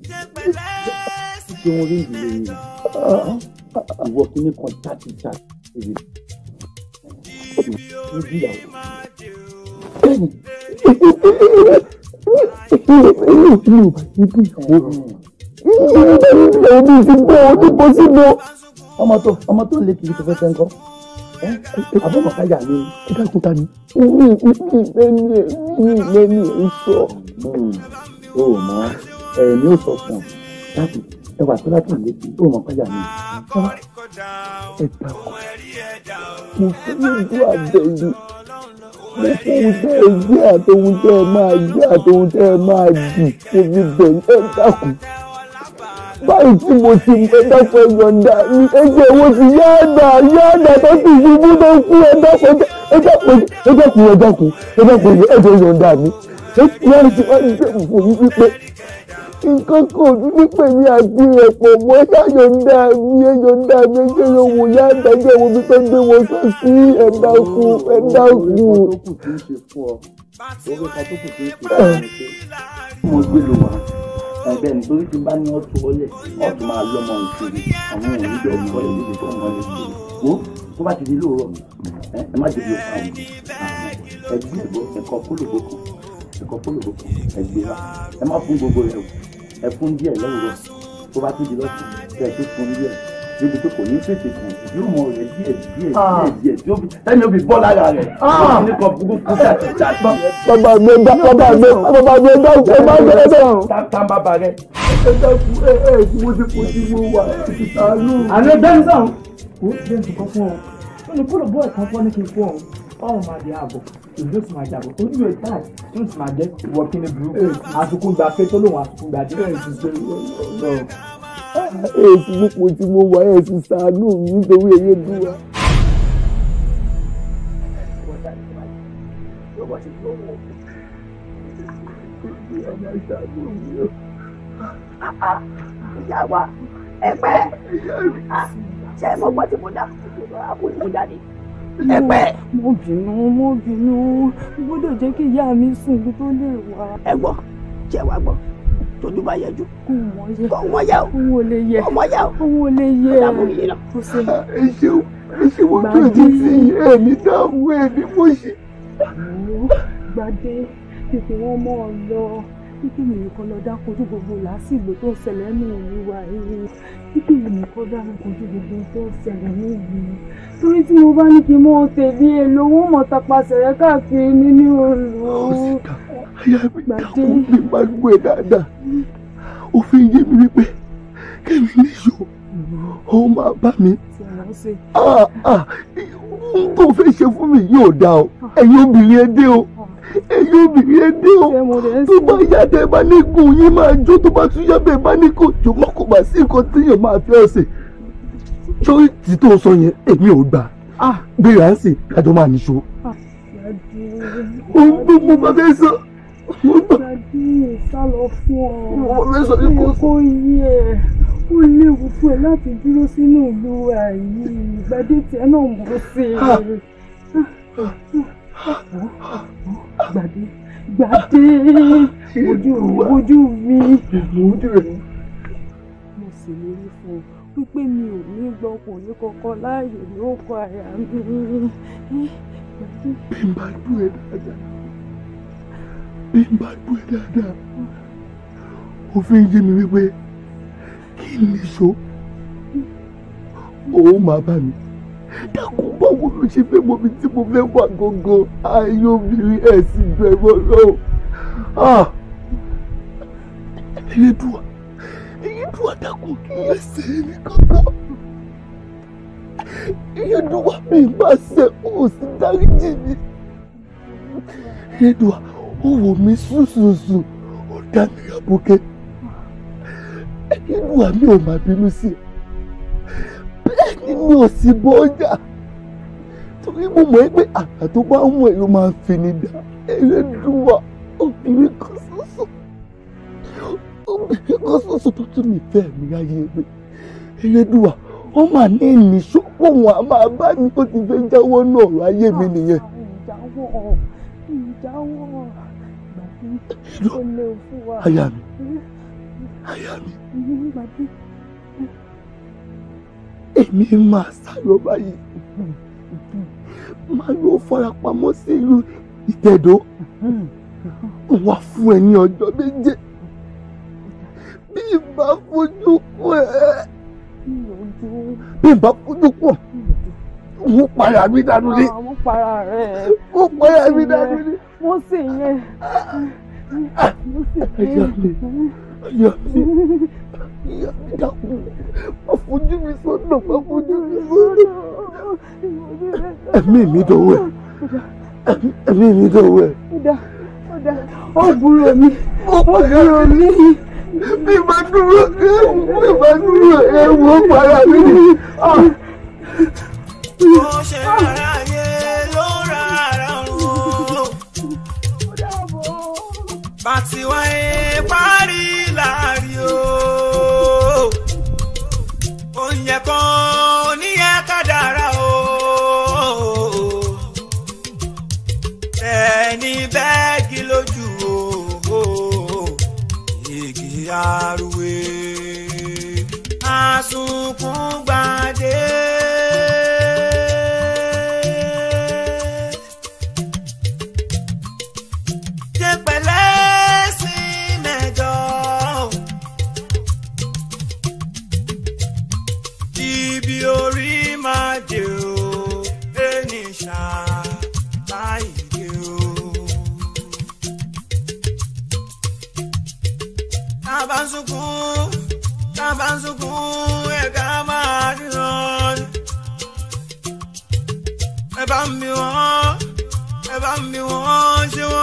Speaker 1: tí wọ́n ìdílé yẹn ìwọ kí ní kan jáde jáde èyí níbi ìyàwó bẹ́ẹ̀ni níbi ìyàwó níbi ìsìnkú ọdún bó sínú. ọmọ tó ọmọ tó lé kiri tó fẹ́ fẹ́ ń kọ́ àbọ̀mọ̀ káyà ni ẹ dákun ta ni. mi mi lẹ́nu ẹ̀ mi lẹ́nu ẹ̀ ń sọ. o mọ ẹ̀mí ò sọ fún ọ dákun ẹ wà sọ́dọ̀ tó létí ó mọ̀ kọ́jà mi. ẹ dàpọ̀ mo fún ojú àbẹ̀lú mo fún ohun tẹ́ ẹ jẹ́ àtòhun tẹ́ ẹ máa jẹ́ àtòhun tẹ́ ẹ máa dì omi bẹ̀ ẹ dàkùn. báyìí tí mo ti mọ ẹ̀dọ́kọ̀ yọ̀ǹda mi ẹgbẹ́ owó ti yáàdà yáàdà tó ti ṣubú tó kú ẹ̀dọ́kọ̀ ẹ̀dọ́kọ̀ ẹ̀dọ́kọ̀ ẹ̀dọ́kọ̀ ẹ̀dọ́kọ̀ ẹ̀dọ́kọ̀ yọ̀ǹda mi. ẹ ti wá ti wá ní ìgbẹ́ òfò yìí wípé nǹkan kò ní pèmí àti rẹ̀ pọ̀ mọ́ ṣáàjọ ń dá mi ẹjọ́ ń dá mi ẹjọ́ yóò wò yá àtàjọ ẹ̀wọ̀n mi tó gbé wọn sọ sí ẹ̀dá kù ẹ̀dá kù. mo gbé lò wá ẹ̀bẹ̀ nítorí tí bá ní ọtún ọlẹ̀ ọtún máa lọ́mọ ìṣòro àwọn òní jọ ọmọ ẹ̀ níbi tó ọmọ ẹ̀ ṣòro wo tó bá ti di lóòrọ̀ ẹ má débi òkú àwọn ẹgbẹ́ ẹ̀kọ́ kólòbókò ẹ̀kọ́ kólòbókò ẹgbẹ́ wa ẹ má fún gbogbo rẹ̀ o ẹkún díẹ̀ lẹ́wọ̀ tó bá tún di lọ́sùn tẹ̀ tó fún díẹ̀ débi tó kò ní fèsì kù yóò mọ rẹ̀ díẹ̀ díẹ̀ ah. díẹ̀ díẹ̀ tí ó fi tẹ́ni ó fi bọ́ lára rẹ̀ ah. ní kan burú kú jáde jáde. bàbá gbé bàbá gbé bàbá gbé dáhùn ẹ má gbé dáhùn. tán bàbá rẹ. ẹ dákun ẹ ẹ tí mo ti kò tí mo wà títí sàánú. àná dẹ́nu sàn. kò dẹ́nu kọ́ fún ọ. ó ní kúrò bọ́ọ̀ kan fọ́ ní kí n fún ọ ọ̀hún máa di ààbọ̀ ìlú tí máa jàbọ̀ ojú ẹ̀ táà tí ó ti máa jẹ́ ìwọ kí ni burú àsìkò gbà fẹ́ tó lòun àsìkò gbà tí bẹ́ẹ̀ ti ṣe lọ. èsì nípò tí mo wà ẹ̀ sì ṣàánú mi nítorí eyé dúwà. ìyá wa ẹgbẹ́ ṣe é mọ́gbọ́n tí mo dá àpò ìmúdá ni ẹgbẹ́. mo bínú mo bínú gbọ́dọ̀ jẹ́ kí ìyá mi sùn kí tó lè wá. ẹ gbọ́ ṣé wàá gbọ́ tójú bá yẹjú. kò wọ́n yẹ o kò lè yẹ kò wọ́n yẹ o kò lè yẹ o kò yẹ lọ. ẹ ṣeun ẹ ṣe wọ́n tó ti sí èmi náà wọ èmi mo ṣe. gbadé tètè wọn mọ ọ lọ títí mi nìkan lọ dákun gbogbo làásìgbò tó ń ṣẹlẹ̀ nù ìwà yìí títí ìlú kọjá mi kò ju gbogbo tó ṣẹlẹ̀ torí tí mo bá ní kí n mọ tèmi ẹ lówó mọ̀ tapa káàkiri nínú òòlù. àyà mi dàkú mi máa gbọ́ ẹ dáadáa òfin yé mi wípé kẹ́mi níyọ̀ ó máa bá mi tó fẹ́ ṣe fún mi yóò dáa o ẹ̀yin obìnrin ẹ dé o ẹ̀yin obìnrin ẹ dé o tó bá yá tẹ bá ní kù yín máa jó tó bá tún yá bẹ́ẹ̀ bá ní kù jò mọ́ kò bá sí nǹkan téèyàn máa fi ọ̀sẹ̀ sórí tí tó sọ yẹn èmi ò gbà gbéra ń kájọ máa níṣó ohun gbogbo bá fẹ́ sọ mo gbà. mo fẹ́ sọ ní kò sí ó léwu fún ẹ láti dúró sínú ìlú àyè ìgbàdé tiẹ̀ náà mú sí i. Ah. gbàdé gbàdé ojú mi. ojú rẹ. mo sì lérí fún ọ pípé mi ò ní gbọ́ kò ní kọ́kọ́ láàyè ní ọkọ àyà mi. bí n dáadáa bí n dáadáa òfin yé mi wípé kí n so òun máa bá mi dákun báwo ló ṣe fẹ́ mọ mi tí mo fẹ́ wà gógó ayé obìnrin ẹ̀ sì bẹ̀rẹ̀ lọ́wọ́ ah! elédùà elédùà dákun kí ẹ ṣe é ní kankan elédùà mi máa ṣe kó sì dáríjì mi elédùà ó wò mí sùsùsù ó dá mi àbúkẹ́ inú àmì ò máa bínú sí i bẹ́ẹ̀ ni mi ò sì bọ́jà torí mo mọ̀ pé àgbà tó bá mú ẹ ló máa fi ní dá ẹlẹ́dùnmá obìnrin kan ṣoṣo obìnrin kan ṣoṣo tó tún nífẹ̀ẹ́ mi láyé mi ẹlẹ́dùnmá wọ́n máa ní ìníṣó òun á máa bá mi tó ti fẹ́ jáwọ́ náà ọ̀rọ̀ ayé mi nìyẹn.
Speaker 3: ìjáwọ́ ìjáwọ́ ìgbà tí ó léwu fún wa àyà mi.
Speaker 1: èmi máa sá lọ báyìí máa yóò farapamọ́ sí ìlú ìtẹ̀dó wà fún ẹ ní ọjọ́ méje bí n bá fojú kún ẹ bí n bá fojú kún mo para mi dànù ni mo para mi dànù ni mo sì yẹn
Speaker 3: ah, mo sì yẹn ìyá mi
Speaker 1: ìyá mi dàpọ̀ má fojú mi sọ́nà má fojú mi sọ́nà ẹ̀mí mi dọ̀wọ́ ẹ̀ ẹ̀mí mi dọ̀wọ́ ẹ̀. ó burú mi ó burú mi bí ma dúró bí ma dúró ewu ó para mi ah. ni. wáyé parí láàrí o oúnjẹ kan oníyẹn kádàrá o ẹni bẹ́ẹ̀gì lójú o igi aruwe asunkun gbadé. ń sunkún tá a bá ń sunkún ẹ̀ka máa ríran. ẹ bá mi wọ́n ẹ bá mi wọ́n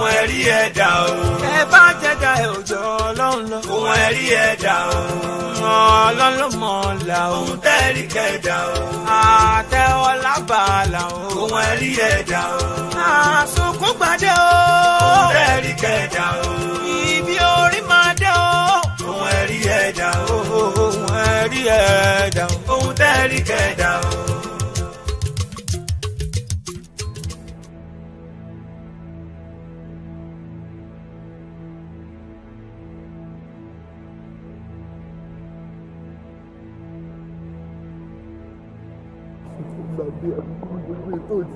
Speaker 1: ohun ẹ̀rí ẹ̀dá o. ẹ bá jẹ́dá ẹ òjò ọlọ́run lọ. ohun ẹ̀rí ẹ̀dá o. mọ ọlọ́run ló mọ ọ̀la o. ohun tẹ́rì kẹ̀dá o. àtẹ̀wọ́ lábàlá o. ohun ẹ̀rí ẹ̀dá o. àsùnkún gbàdé o. ohun tẹ́rì kẹ̀dá o. ibi orí máa dé o. ohun ẹ̀rí ẹ̀dá o. ohun ẹ̀rí ẹ̀dá o. ohun tẹ́rì kẹ̀dá o.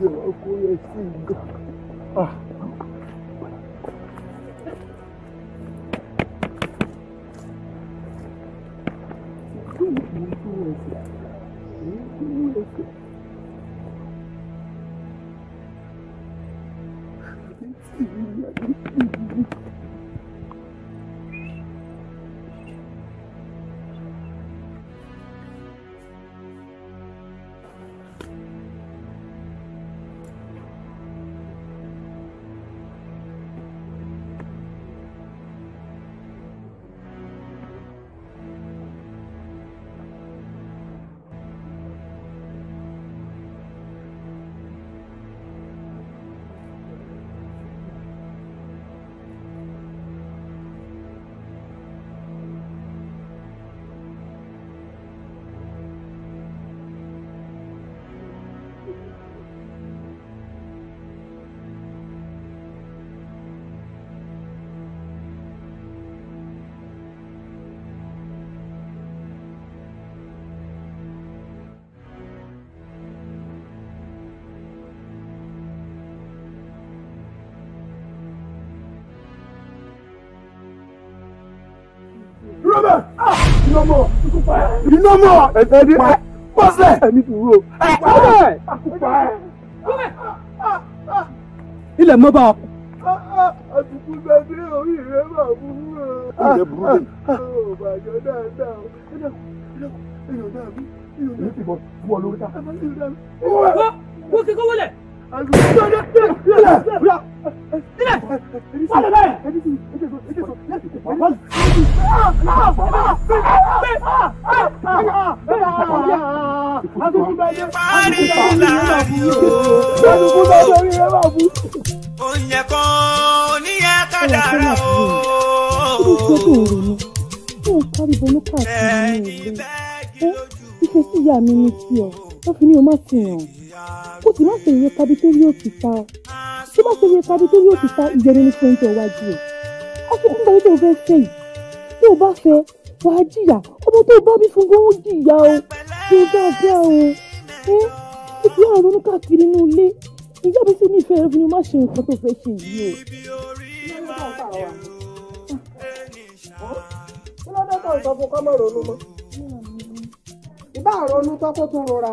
Speaker 1: 我姑爷姓个啊。náà ẹni pa bọ́sẹ̀ ẹni sùúrù o ẹ àkùpà ilẹ̀ mọ́ bá ọ. àtùkù gbàgbé orí rẹ máa burú o. ilẹ̀ burú lè. ọ̀bàjọ́ dáadáa o èèyàn dáa bí èèyàn dáa bí. ìbọn wọ lórí ta. wọ́n kí kó wọlé. Oúnjẹ Ẹ ìfẹ́ sí ìyá mi ní tiẹ̀, wọ́n fi ní o má ti yàn ó ti má ṣe iye kábítérí òkìta tó bá ṣe iye kábítérí òkìta ìjẹni ní fún oúnjẹ wájú ẹ àfikún báyìí tó fẹ́ fẹ́ yìí tó o bá fẹ́ wàá jìyà ọmọ tó o bá bí fún gbọ́n jìyà o tó o dáadáa o ẹ ó ti àrùn oníkàkiri inú ilé ìyá mi sì nífẹ̀ẹ́ rẹ fún mi má ṣe nǹkan tó fẹ́ ṣe yìí o. ìbá ronú tọ́kọ́ tún rọra.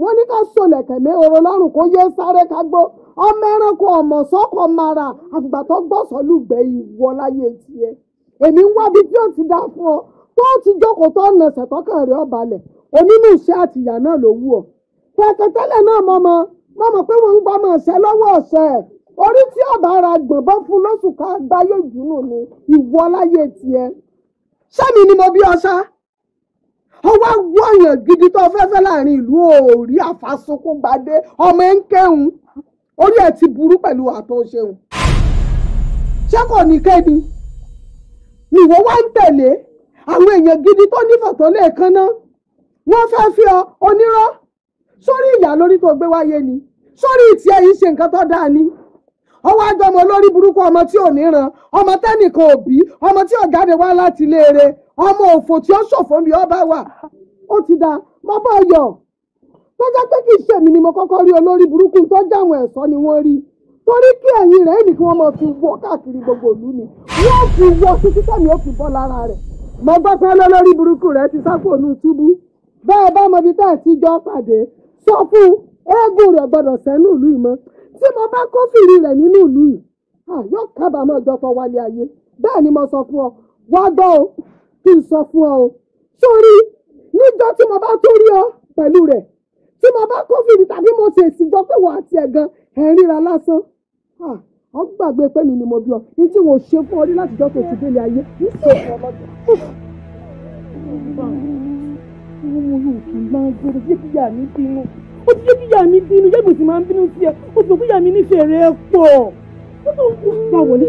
Speaker 1: wọ́n ní ká sọlẹ̀kẹ̀ lé oró lọ́rùn kó yé sáré ká gbó ọmọ ẹranko ọmọ sọ́kọ̀ mara àfìgbà tó gbọ́sọ̀ lùgbẹ́ ìwọ láyé tiẹ̀ èmi ń wábi tí ó ti dá fún ọ tó ti jókòó tó nà ṣẹ̀tọ́kàn rẹ̀ ọ̀balẹ̀ onínú iṣẹ́ àtìyà náà ló wù ọ́ pẹ̀kẹ́tẹ́lẹ̀ náà mọ́mọ́ mọ́mọ́ pé wọ́n ń gbọ́ mọ̀ ṣẹ́ lọ́wọ́ ọ̀ṣẹ́ orí tí ọ̀bà ara gbọ̀nbọ́n fún lóṣù ká gbáyé jùlọ ni ìwọ láyé tiẹ̀
Speaker 2: sẹ́mi ni mo bí ọ
Speaker 1: ṣá ó wá wọ̀yàn gidi tó fẹ́fẹ́ láàrin ìlú òòrí àfàsókún gbadé ọmọ ẹ̀ ń kẹ́hùn orí ẹ̀ ti burú pẹ̀lú àtọ̀ṣeun ṣé kò ní kébi nìwọ wá ń tẹ̀lé àwọn èèyàn gidi tó nífọ̀ tó lè kanná wọ́n fẹ́ fi ọ onírọ́ sórí ìyá lórí tó gbé wáyé ni sórí ìtì ẹ̀yìn ṣe nǹkan tó dáa ni ọwọ́ àjọmọ̀ lórí burúkú ọmọ tí ò ní ran ọmọ tẹ́nìkan òbí ọmọ tí ò jáde wá láti léere ọmọ òfò tí ó ṣòfò mi ọba wa ó ti da mo bá yọ tó jẹ́ pé kì í ṣe èmi ni mo kọ́kọ́ rí olórí burúkú tó jáwọn ẹ̀ṣọ́ ni wọ́n rí torí kí ẹ̀yìn rẹ̀ nìkan wọ́n máa fi wọ káàkiri gbogbo ìlú ni wọ́n fi wọ títí sẹ́mi ó fi bọ́ lára rẹ̀ mo gbọ́ pé olórí burúkú rẹ̀ ti sáfò ní túbú bẹ́ẹ̀ bá mọ ibi tá à ti jọ pàdé sọ fún eégún rẹ̀ gbọ́dọ̀ sẹ́nu ìlú ìmọ̀ tí mo bá kófìrí rẹ̀ nínú ìlú yìí yóò kábàámọ̀ jọ fọ wálé ayé bẹ́ẹ̀ ni mo sọ fún ọ wá gbọ́ o kí n sọ fún ọ o sórí níjọ́ tí mo bá tó rí ọ pẹ̀lú rẹ̀ tí mo bá covid tàbí mo ṣe èsì gbọ́ pé wọ́n àti ẹ̀gan ẹ̀ ń ríra lásán ọ gbàgbé pé mi ni mo bí ọ ní tí wọn ò ṣe fún ọ rí láti jọ́ tó ti délé ayé nítorí ọlọ́dún. ọmọ yóò tún máa ń gbọ́dọ̀ jẹ́ kíyà mi bínú ó ti jẹ́ kíyà mi bínú yẹ́gbùn sì máa ń bínú sí ẹ ó sọ kíyà mi nífẹ̀ẹ́ rẹ pọ̀.
Speaker 3: báwo ni
Speaker 1: báwo ni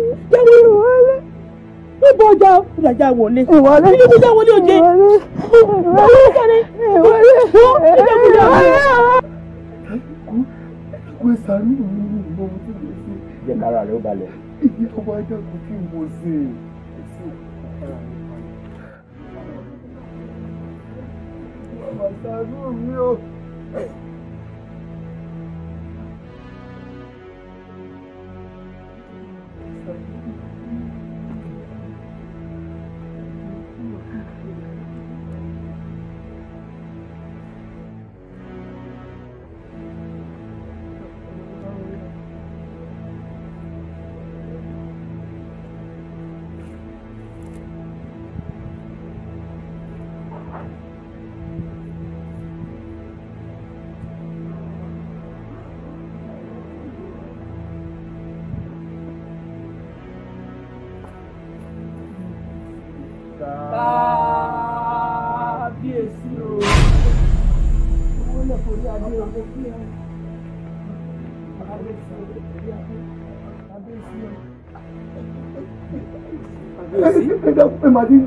Speaker 1: ọ̀rẹ́ níbo ọjà ìdájà wọlé ìwọlé ìdájà wọlé òjé ìwọlé ìwọlé ìwọlé ìwọlé. ẹkú ìsàánú mi ní ìgbọ́ ohun tí mo ṣe. jẹ́ kára rẹ̀ ó balẹ̀. ìyá ọmọ ajá kò tí mo ṣe. bàbá ìsàánú mi ò.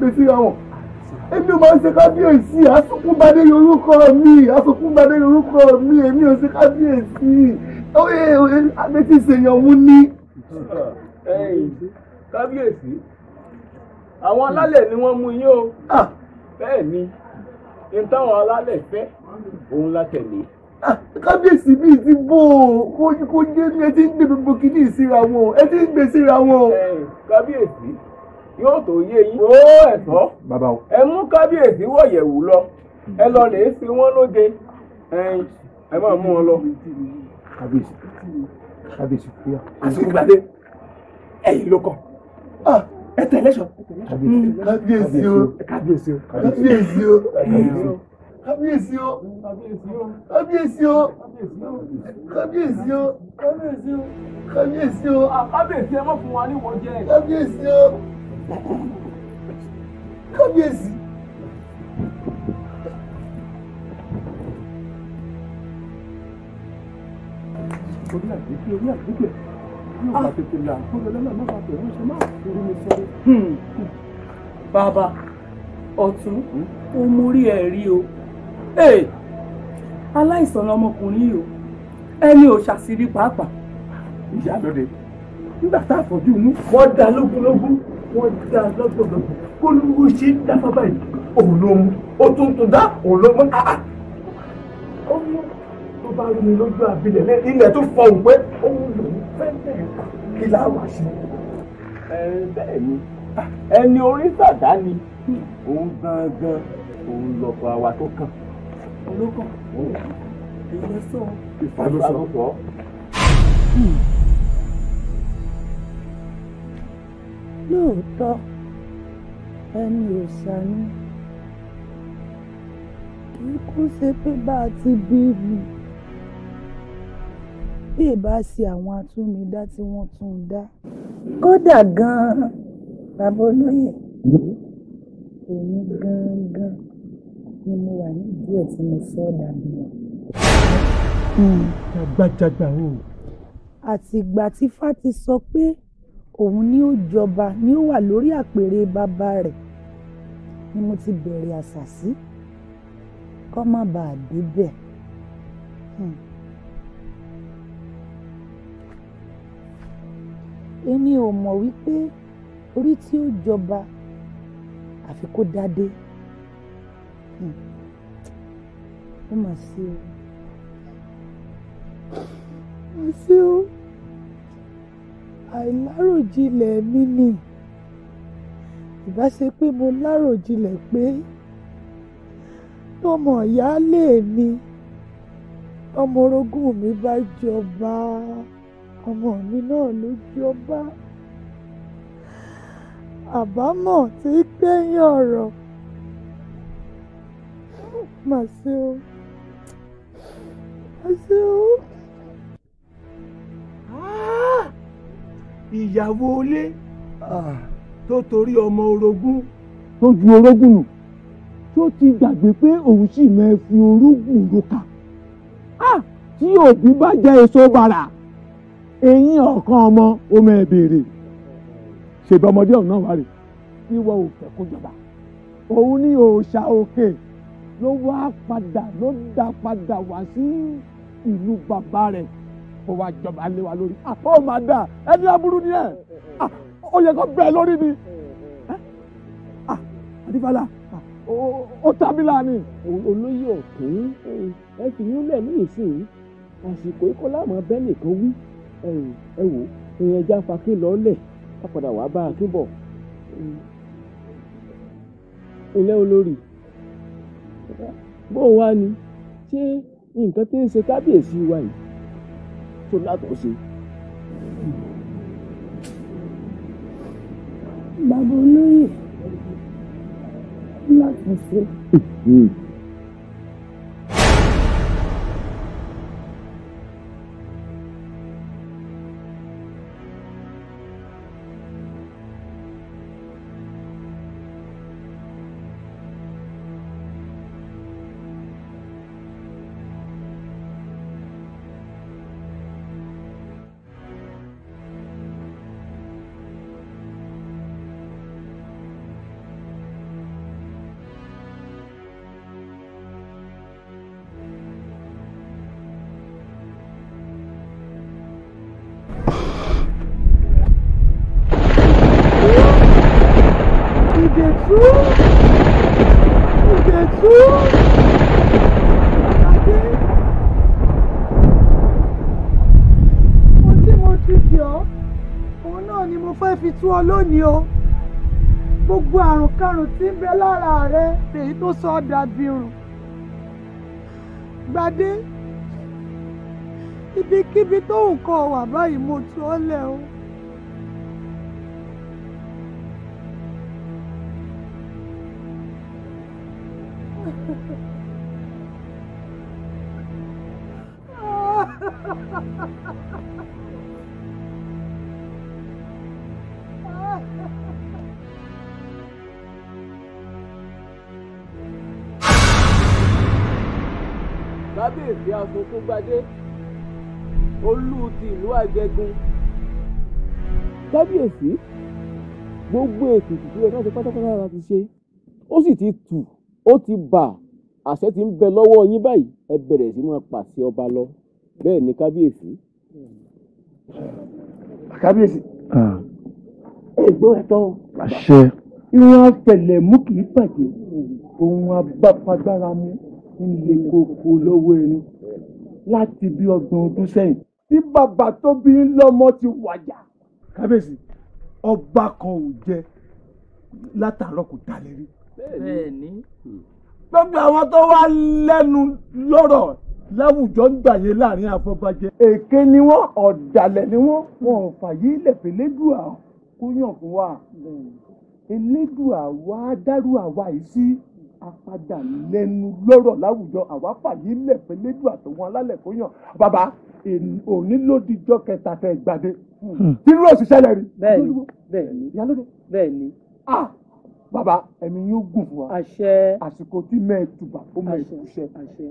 Speaker 1: gbé síra wọn èmi ò máa ń ṣe kábíyèsí àsùnkúnbadé yorùkọ mi àsùnkúnbadé yorùkọ mi èmi ò ṣe kábíyèsí oye oye abẹ́tí ìṣèyàn mú ní. kábíyèsí àwọn alálẹ̀ ni wọ́n mú yín o bẹ́ẹ̀ ni n táwọn alálẹ̀ fẹ́ òun la tẹ̀lé. kábíyèsí bíi ti bó o kó jẹ́ ní ẹ ti ń gbé gbogbo kìíní síra wọn ẹ ti ń gbé síra wọn. kábíyèsí yóò tó yé yín ó ẹ̀sọ́ ẹ mú kábíyèsí wọ̀yẹ̀wù lọ ẹ lọ lè fi wọ́n lóge ẹ máa mú wọn lọ. kábíyèsí kábíyèsí kúyà. àsìkò gbàdé ẹ̀yìn ló kọ ẹ tẹ̀lé sọ. kábíyèsí o kábíyèsí o kábíyèsí o kábíyèsí o kábíyèsí o kábíyèsí o kábíyèsí o kábíyèsí o kábíyèsí o kábíyèsí o kábíyèsí o kábíyèsí. orí àgbékè orí àgbékè yóò bá ah. tètè là kó lọ lọ́nà má bàa bẹ̀rù ṣe má orí mi sọ́dọ̀. Hmm. Hmm. bàbá ọ̀tún ó hmm. mórí ẹ̀ rí o aláìsàn lọmọkùnrin yìí o ẹni ò ṣàṣírí pàápàá. ìyá lóde nígbà tá a fọjú inú. wọ́n dá lógúnlógún wọ́n dá lọ́gbọ̀dọ̀gbọ̀ kó lóru ṣe ń dá bàbá yìí òun ló mú ó tún tún dá òun ló mú káà ah, ah. ó mú tó bá rí mi lójú àbílẹ̀ lẹ́yìn ilẹ̀ tó fọhùn pé òun lòún fẹ́ bẹ̀rẹ̀ kí láà wá ṣe. ẹ bẹ́ẹ̀ ni ẹni orí sàdá ni òun gangan òun lọ́kọ̀ àwa tó kàn. olókàn ìyẹn sọ ìfàlùsọ. Hmm. lóòótọ́ ẹni òòṣà ni kì í kú ṣe pé bá a ti bí mi bí ìbá ṣe àwọn atúnidá tí wọ́n tún dá
Speaker 2: kódà gan-an bàbá olóyè
Speaker 1: èmi gangan ni mo wà nídìí ẹ̀ tí mo sọ dàbí wọn. àgbàjàgbà o. àtìgbà tí fati sọ pé òun ni ó jọba ni ó wà lórí àpèrè bàbá rẹ̀ ni mo ti bẹ̀rẹ̀ àṣàsí kọ́ má bàa débẹ̀. Hmm. èmi ò mọ̀ wípé orí tí ó jọba àfi kó dádé hmm. ó mà sí o mà sí o. àìláròjinlẹ̀ mi ni ìbá ṣe pé mo láròjinlẹ̀ pé tọmọ ìyáálé mi ọmọ orogún mi bá jọba
Speaker 2: ọmọ mi náà ló jọba àbámọ̀ tí gbẹ̀yìn ọ̀rọ̀
Speaker 1: màṣẹ o màṣẹ ìyàwó ilé tó torí ọmọ orogún tó ju orogún nù tó ti gbàgbé pé òun sì máa fi orogún roka tí òbí bá jẹ́ èso bàrà eyín ọ̀kan ọmọ ó máa béèrè ṣèbí ọmọdé ọ̀hún náà wà rè ìwọ ò fẹ́ kó jọba òun ní òòṣà òkè ló wá padà ló dá padà wá sí ìlú bàbá rẹ̀ ó wá jọba lé wa lórí ah, ó máa dà ẹni aburú ni ẹ ah, ó yẹ kó bẹ́ẹ̀ lórí mi àdìfàlà eh? ah, ó tábìlà ni. olóyè ọ̀tún ẹ fi yín lẹ̀ ní ìsìn àsìkò ikọ̀ láàmú bẹ́ẹ̀ nìkan wí ẹ wò ìyẹn ẹja fakí lọ́ọ́lẹ̀ ká padà wàá bá a túbọ̀ ilé olórí bó wá ni ṣé nǹkan tí ń ṣe kábíyèsí wa yìí tó látọ̀ọ́sí. bàbá olóyè látọ̀ọ́sí. tó sọ ọ́ dàbí irun gbadé ibikíbi tó ń kọ wà báyìí mo tú ọ́ lẹ̀ o. kábíyèsí agun tó gbadé olú ti ìlú àjẹgun kábíyèsí gbogbo ètùtù tó yẹ ká ṣe pátápátá la ti ṣe ó sì ti tù ó ti bà àṣẹ ti ń bẹ lọ́wọ́ yín báyìí ẹ bẹ̀rẹ̀ sí máa pàṣẹ ọba lọ bẹ́ẹ̀ ni kábíyèsí. kábíyèsí ẹ̀gbọ́n ẹ̀tọ́ àṣẹ ìran àfẹlẹ̀mú kì í bàjẹ́ òun abáfagbára mú ti ń le koko lọ́wọ́ ẹni láti bí ọgbọ̀n ọdún sẹ́yìn tí bàbá tó bí lọ́mọ ti wàjà. kábíyèsí ọba kan ò jẹ látàárọ̀ kò dalẹ̀ rí. bẹ́ẹ̀ni. gbogbo àwọn tó wá lẹ́nu lọ́rọ̀ láwùjọ ń gbàyè láàrin àfọbàjẹ. èké ni wọ́n ọ̀dàlẹ̀ ni wọ́n wọn ò fàyè ilẹ̀fẹ̀ lẹ́dùá kó yàn fún wa. elédùá wa dárú àwa yìí sí apadà lẹ́nu lọ́rọ̀ láwùjọ àwáfàyí lẹ̀fẹ́ lédùn àtọ̀wọn alálẹ̀ kó yàn bàbá òní ló dijọ́ kẹta tẹ gbàdé tírú hmm. òṣìṣẹ́ lẹ̀ rí. bẹ́ẹ̀ni bẹ́ẹ̀ni yálóde bẹ́ẹ̀ni. ah bàbá ẹ̀mí yóò gùn fún wa àṣẹ àsìkò tí mẹ́ẹ̀tùbà ó mẹ́ẹ̀tùṣẹ́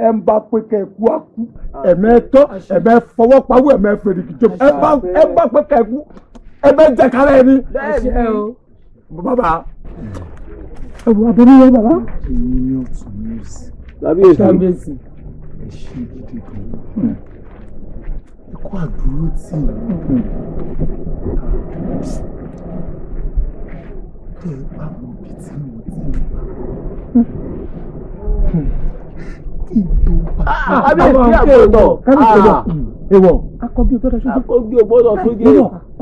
Speaker 1: ẹ̀ ń bá pé kẹ́ ẹ kú á kú ẹ̀mẹ́ tọ́ ẹ̀mẹ́ fọwọ́ pawú ẹ̀mẹ́ fèrèkì jọ ẹ̀ ń bá pé kẹ́ ẹ kú ẹ̀mẹ́ jẹ̀kárẹ́ ni. bẹ́ẹ̀ni o. bàbá ọ̀bùn abẹ́míyẹ bàbá. èyí ni ọ̀tún ní òsì. kábíyèsí. ẹ ṣe gidi gan. ẹ kó
Speaker 3: àdúró ah, ah,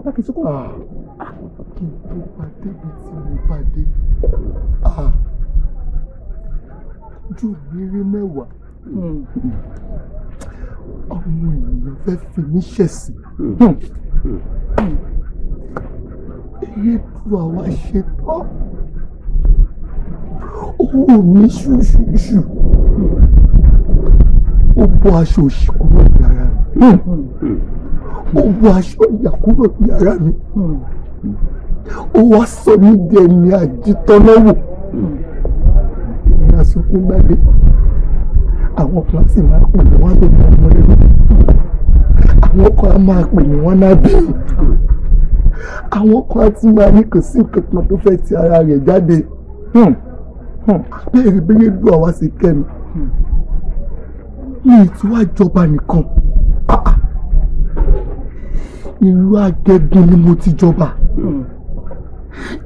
Speaker 1: ah. kìí sókò. ojú mi rí mẹ́wàá ọmọ ènìyàn fẹ́ fi mí ṣẹ̀sín elédùn àwa ṣe tán owó mi ṣùṣùṣù ó bọ́ aṣọ òṣì kúrò ní ara mi ó bọ́ aṣọ ìyà kúrò ní ara mi ó wá sọ mí ẹni àjítọ́lọ́wọ́. Mm máa sunkún gbàgbé àwọn kan sì máa pè ní wọn lórí ọmọ rírú àwọn kan á máa pè ní wọn nábì àwọn kan á ti máa ní kò sí nǹkan kan tó fẹ́ ti ara rẹ̀ jáde hmm. hmm. bẹ́ẹ̀ bí yéé dùn àwa sí kẹ́nu ní ìtura ìjọba nìkan ìlú Àgẹ́gùn ni mo ti jọba. Hmm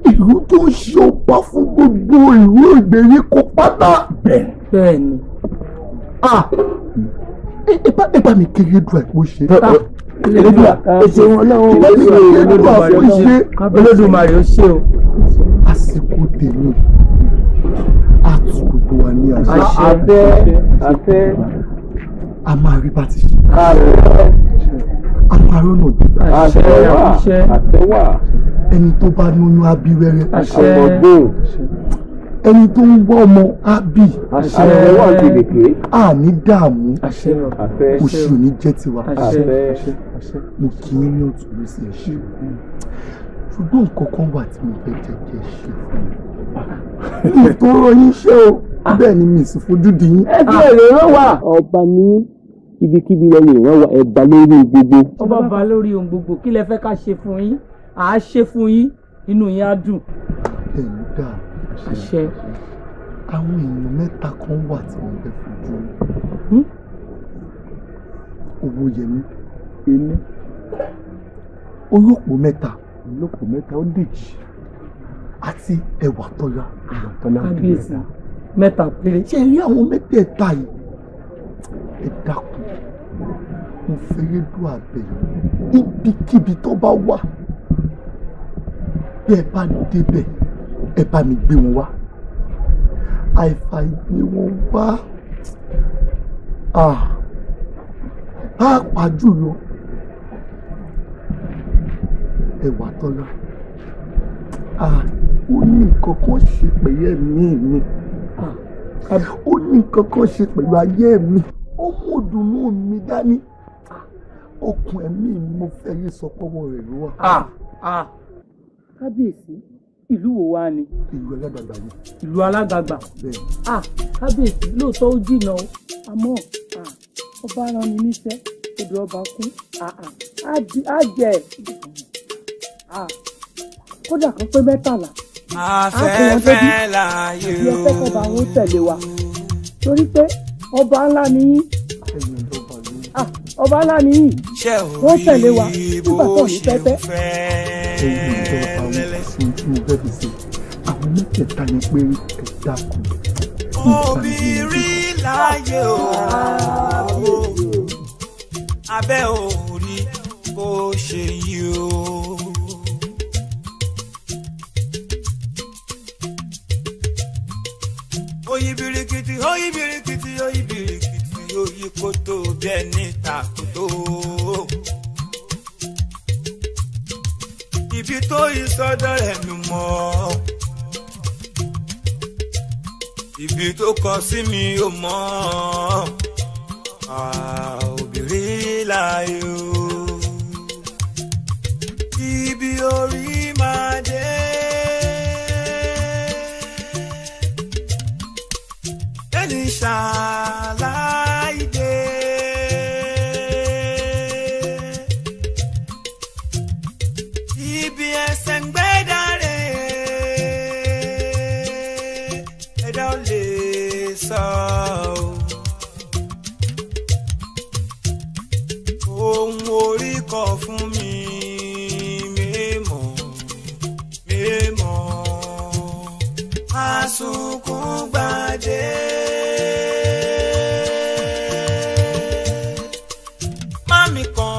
Speaker 1: ìlú tó ń ṣe ọba fún gbogbo ìlú ìgbèríko pátá. bẹ́ẹ̀ni. ìbá ìbá mi kéré dùn àìpò ṣe. elédùà èsì wọn lọ́wọ́ elédùà fún ṣe. olódùmarè ó ṣe o. àsìkò tèmi àtúntò wa ní àṣẹ. àṣẹ àṣẹ. a máa rí bá ti ṣe. àṣẹ. àparọ́nà òdìbò. àṣẹ wà àṣẹ wà ẹni tó bá lóyún á bí wẹ́rẹ́. ẹni tó ń wá ọmọ á bì. a ní dààmú oṣù ní jẹ́ tiwa. mo kì í ní òtún ló sì ṣe. ṣùgbọ́n nǹkan wà tí mo fẹ́ jẹ́ kẹ́ ṣe fún mi. tó rọ yín ṣe o bẹ́ẹ̀ ni mi sì fojú di yín. ẹ ti èrè rán wa. ọba ní ibikíbi lẹ́yìn ìrànwọ́ ẹ̀bà lórí gbogbo. ọba bá lórí ohun gbogbo kí lẹ fẹ́ ká ṣe fún yín a á ṣe fún yín inú yín á dùn. ẹ̀ǹdà àṣẹ. àwọn èèyàn mẹ́ta kan wà tí wọ́n fẹ́ fojú owó hm? yẹmí ẹni olóòpó mẹ́ta olóòpó mẹ́ta ó dèjì àti ẹwà tọ́lá ẹwà tọ́lá mẹ́ta mẹ́ta péré. ṣé rí àwọn mẹ́tẹ̀ẹ̀ta yìí ẹ dákun mo fẹ́ yé dùn àbẹ̀yẹ ibikíbi tó bá wà bí ẹ bá débẹ̀ ẹ bá mi gbé wọn wá àìfà ìgbé wọn wá ah. pàápàá jùlọ ẹwà tọ́lá ah, ó ní nǹkan kan ṣe pẹ̀lú ẹ̀mí mi ah, ó ní nǹkan kan ṣe pẹ̀lú ayé mi ó mú ìdùnnú mi dání okùn ẹ̀mí mi mo fẹ́ yé sọ pọ́wọ́ rẹ̀ ló kábíyèsí ìlú wo wá ni. ìlú alágbàgbà ni. ìlú alágbàgbà. bẹ́ẹ̀. a ah, kábíyèsí lóòótọ́ ó jìnnà o àmọ́ ah, ọba rán mi níṣẹ́ odò ọba kú ah, á jẹ kódà kan pé mẹ́tàlá. afẹ́fẹ́ láàyò. àbí ọfẹ́ kọba ń tẹ̀lé wa torí pé ọba ńlá ni yín ọba ńlá ni yín wọ́n tẹ̀lé wa nígbà tó ní pẹ́pẹ́ sí tí mo fẹ́ fi ṣe àwọn mẹ́tẹ̀ẹ̀ta yẹn pé ẹ dákun. obìnrin láàyè o abẹ́ òòrí bó ṣe yí o. oyi birikiti oyi birikiti oyi birikiti oyi kótó bẹ́ẹ̀ ní ìdí tó ìsọdá ẹnu mọ́ ibi tó kọ sí mi ò mọ́ obìnrin láàyè o ibi orí máa dé. mi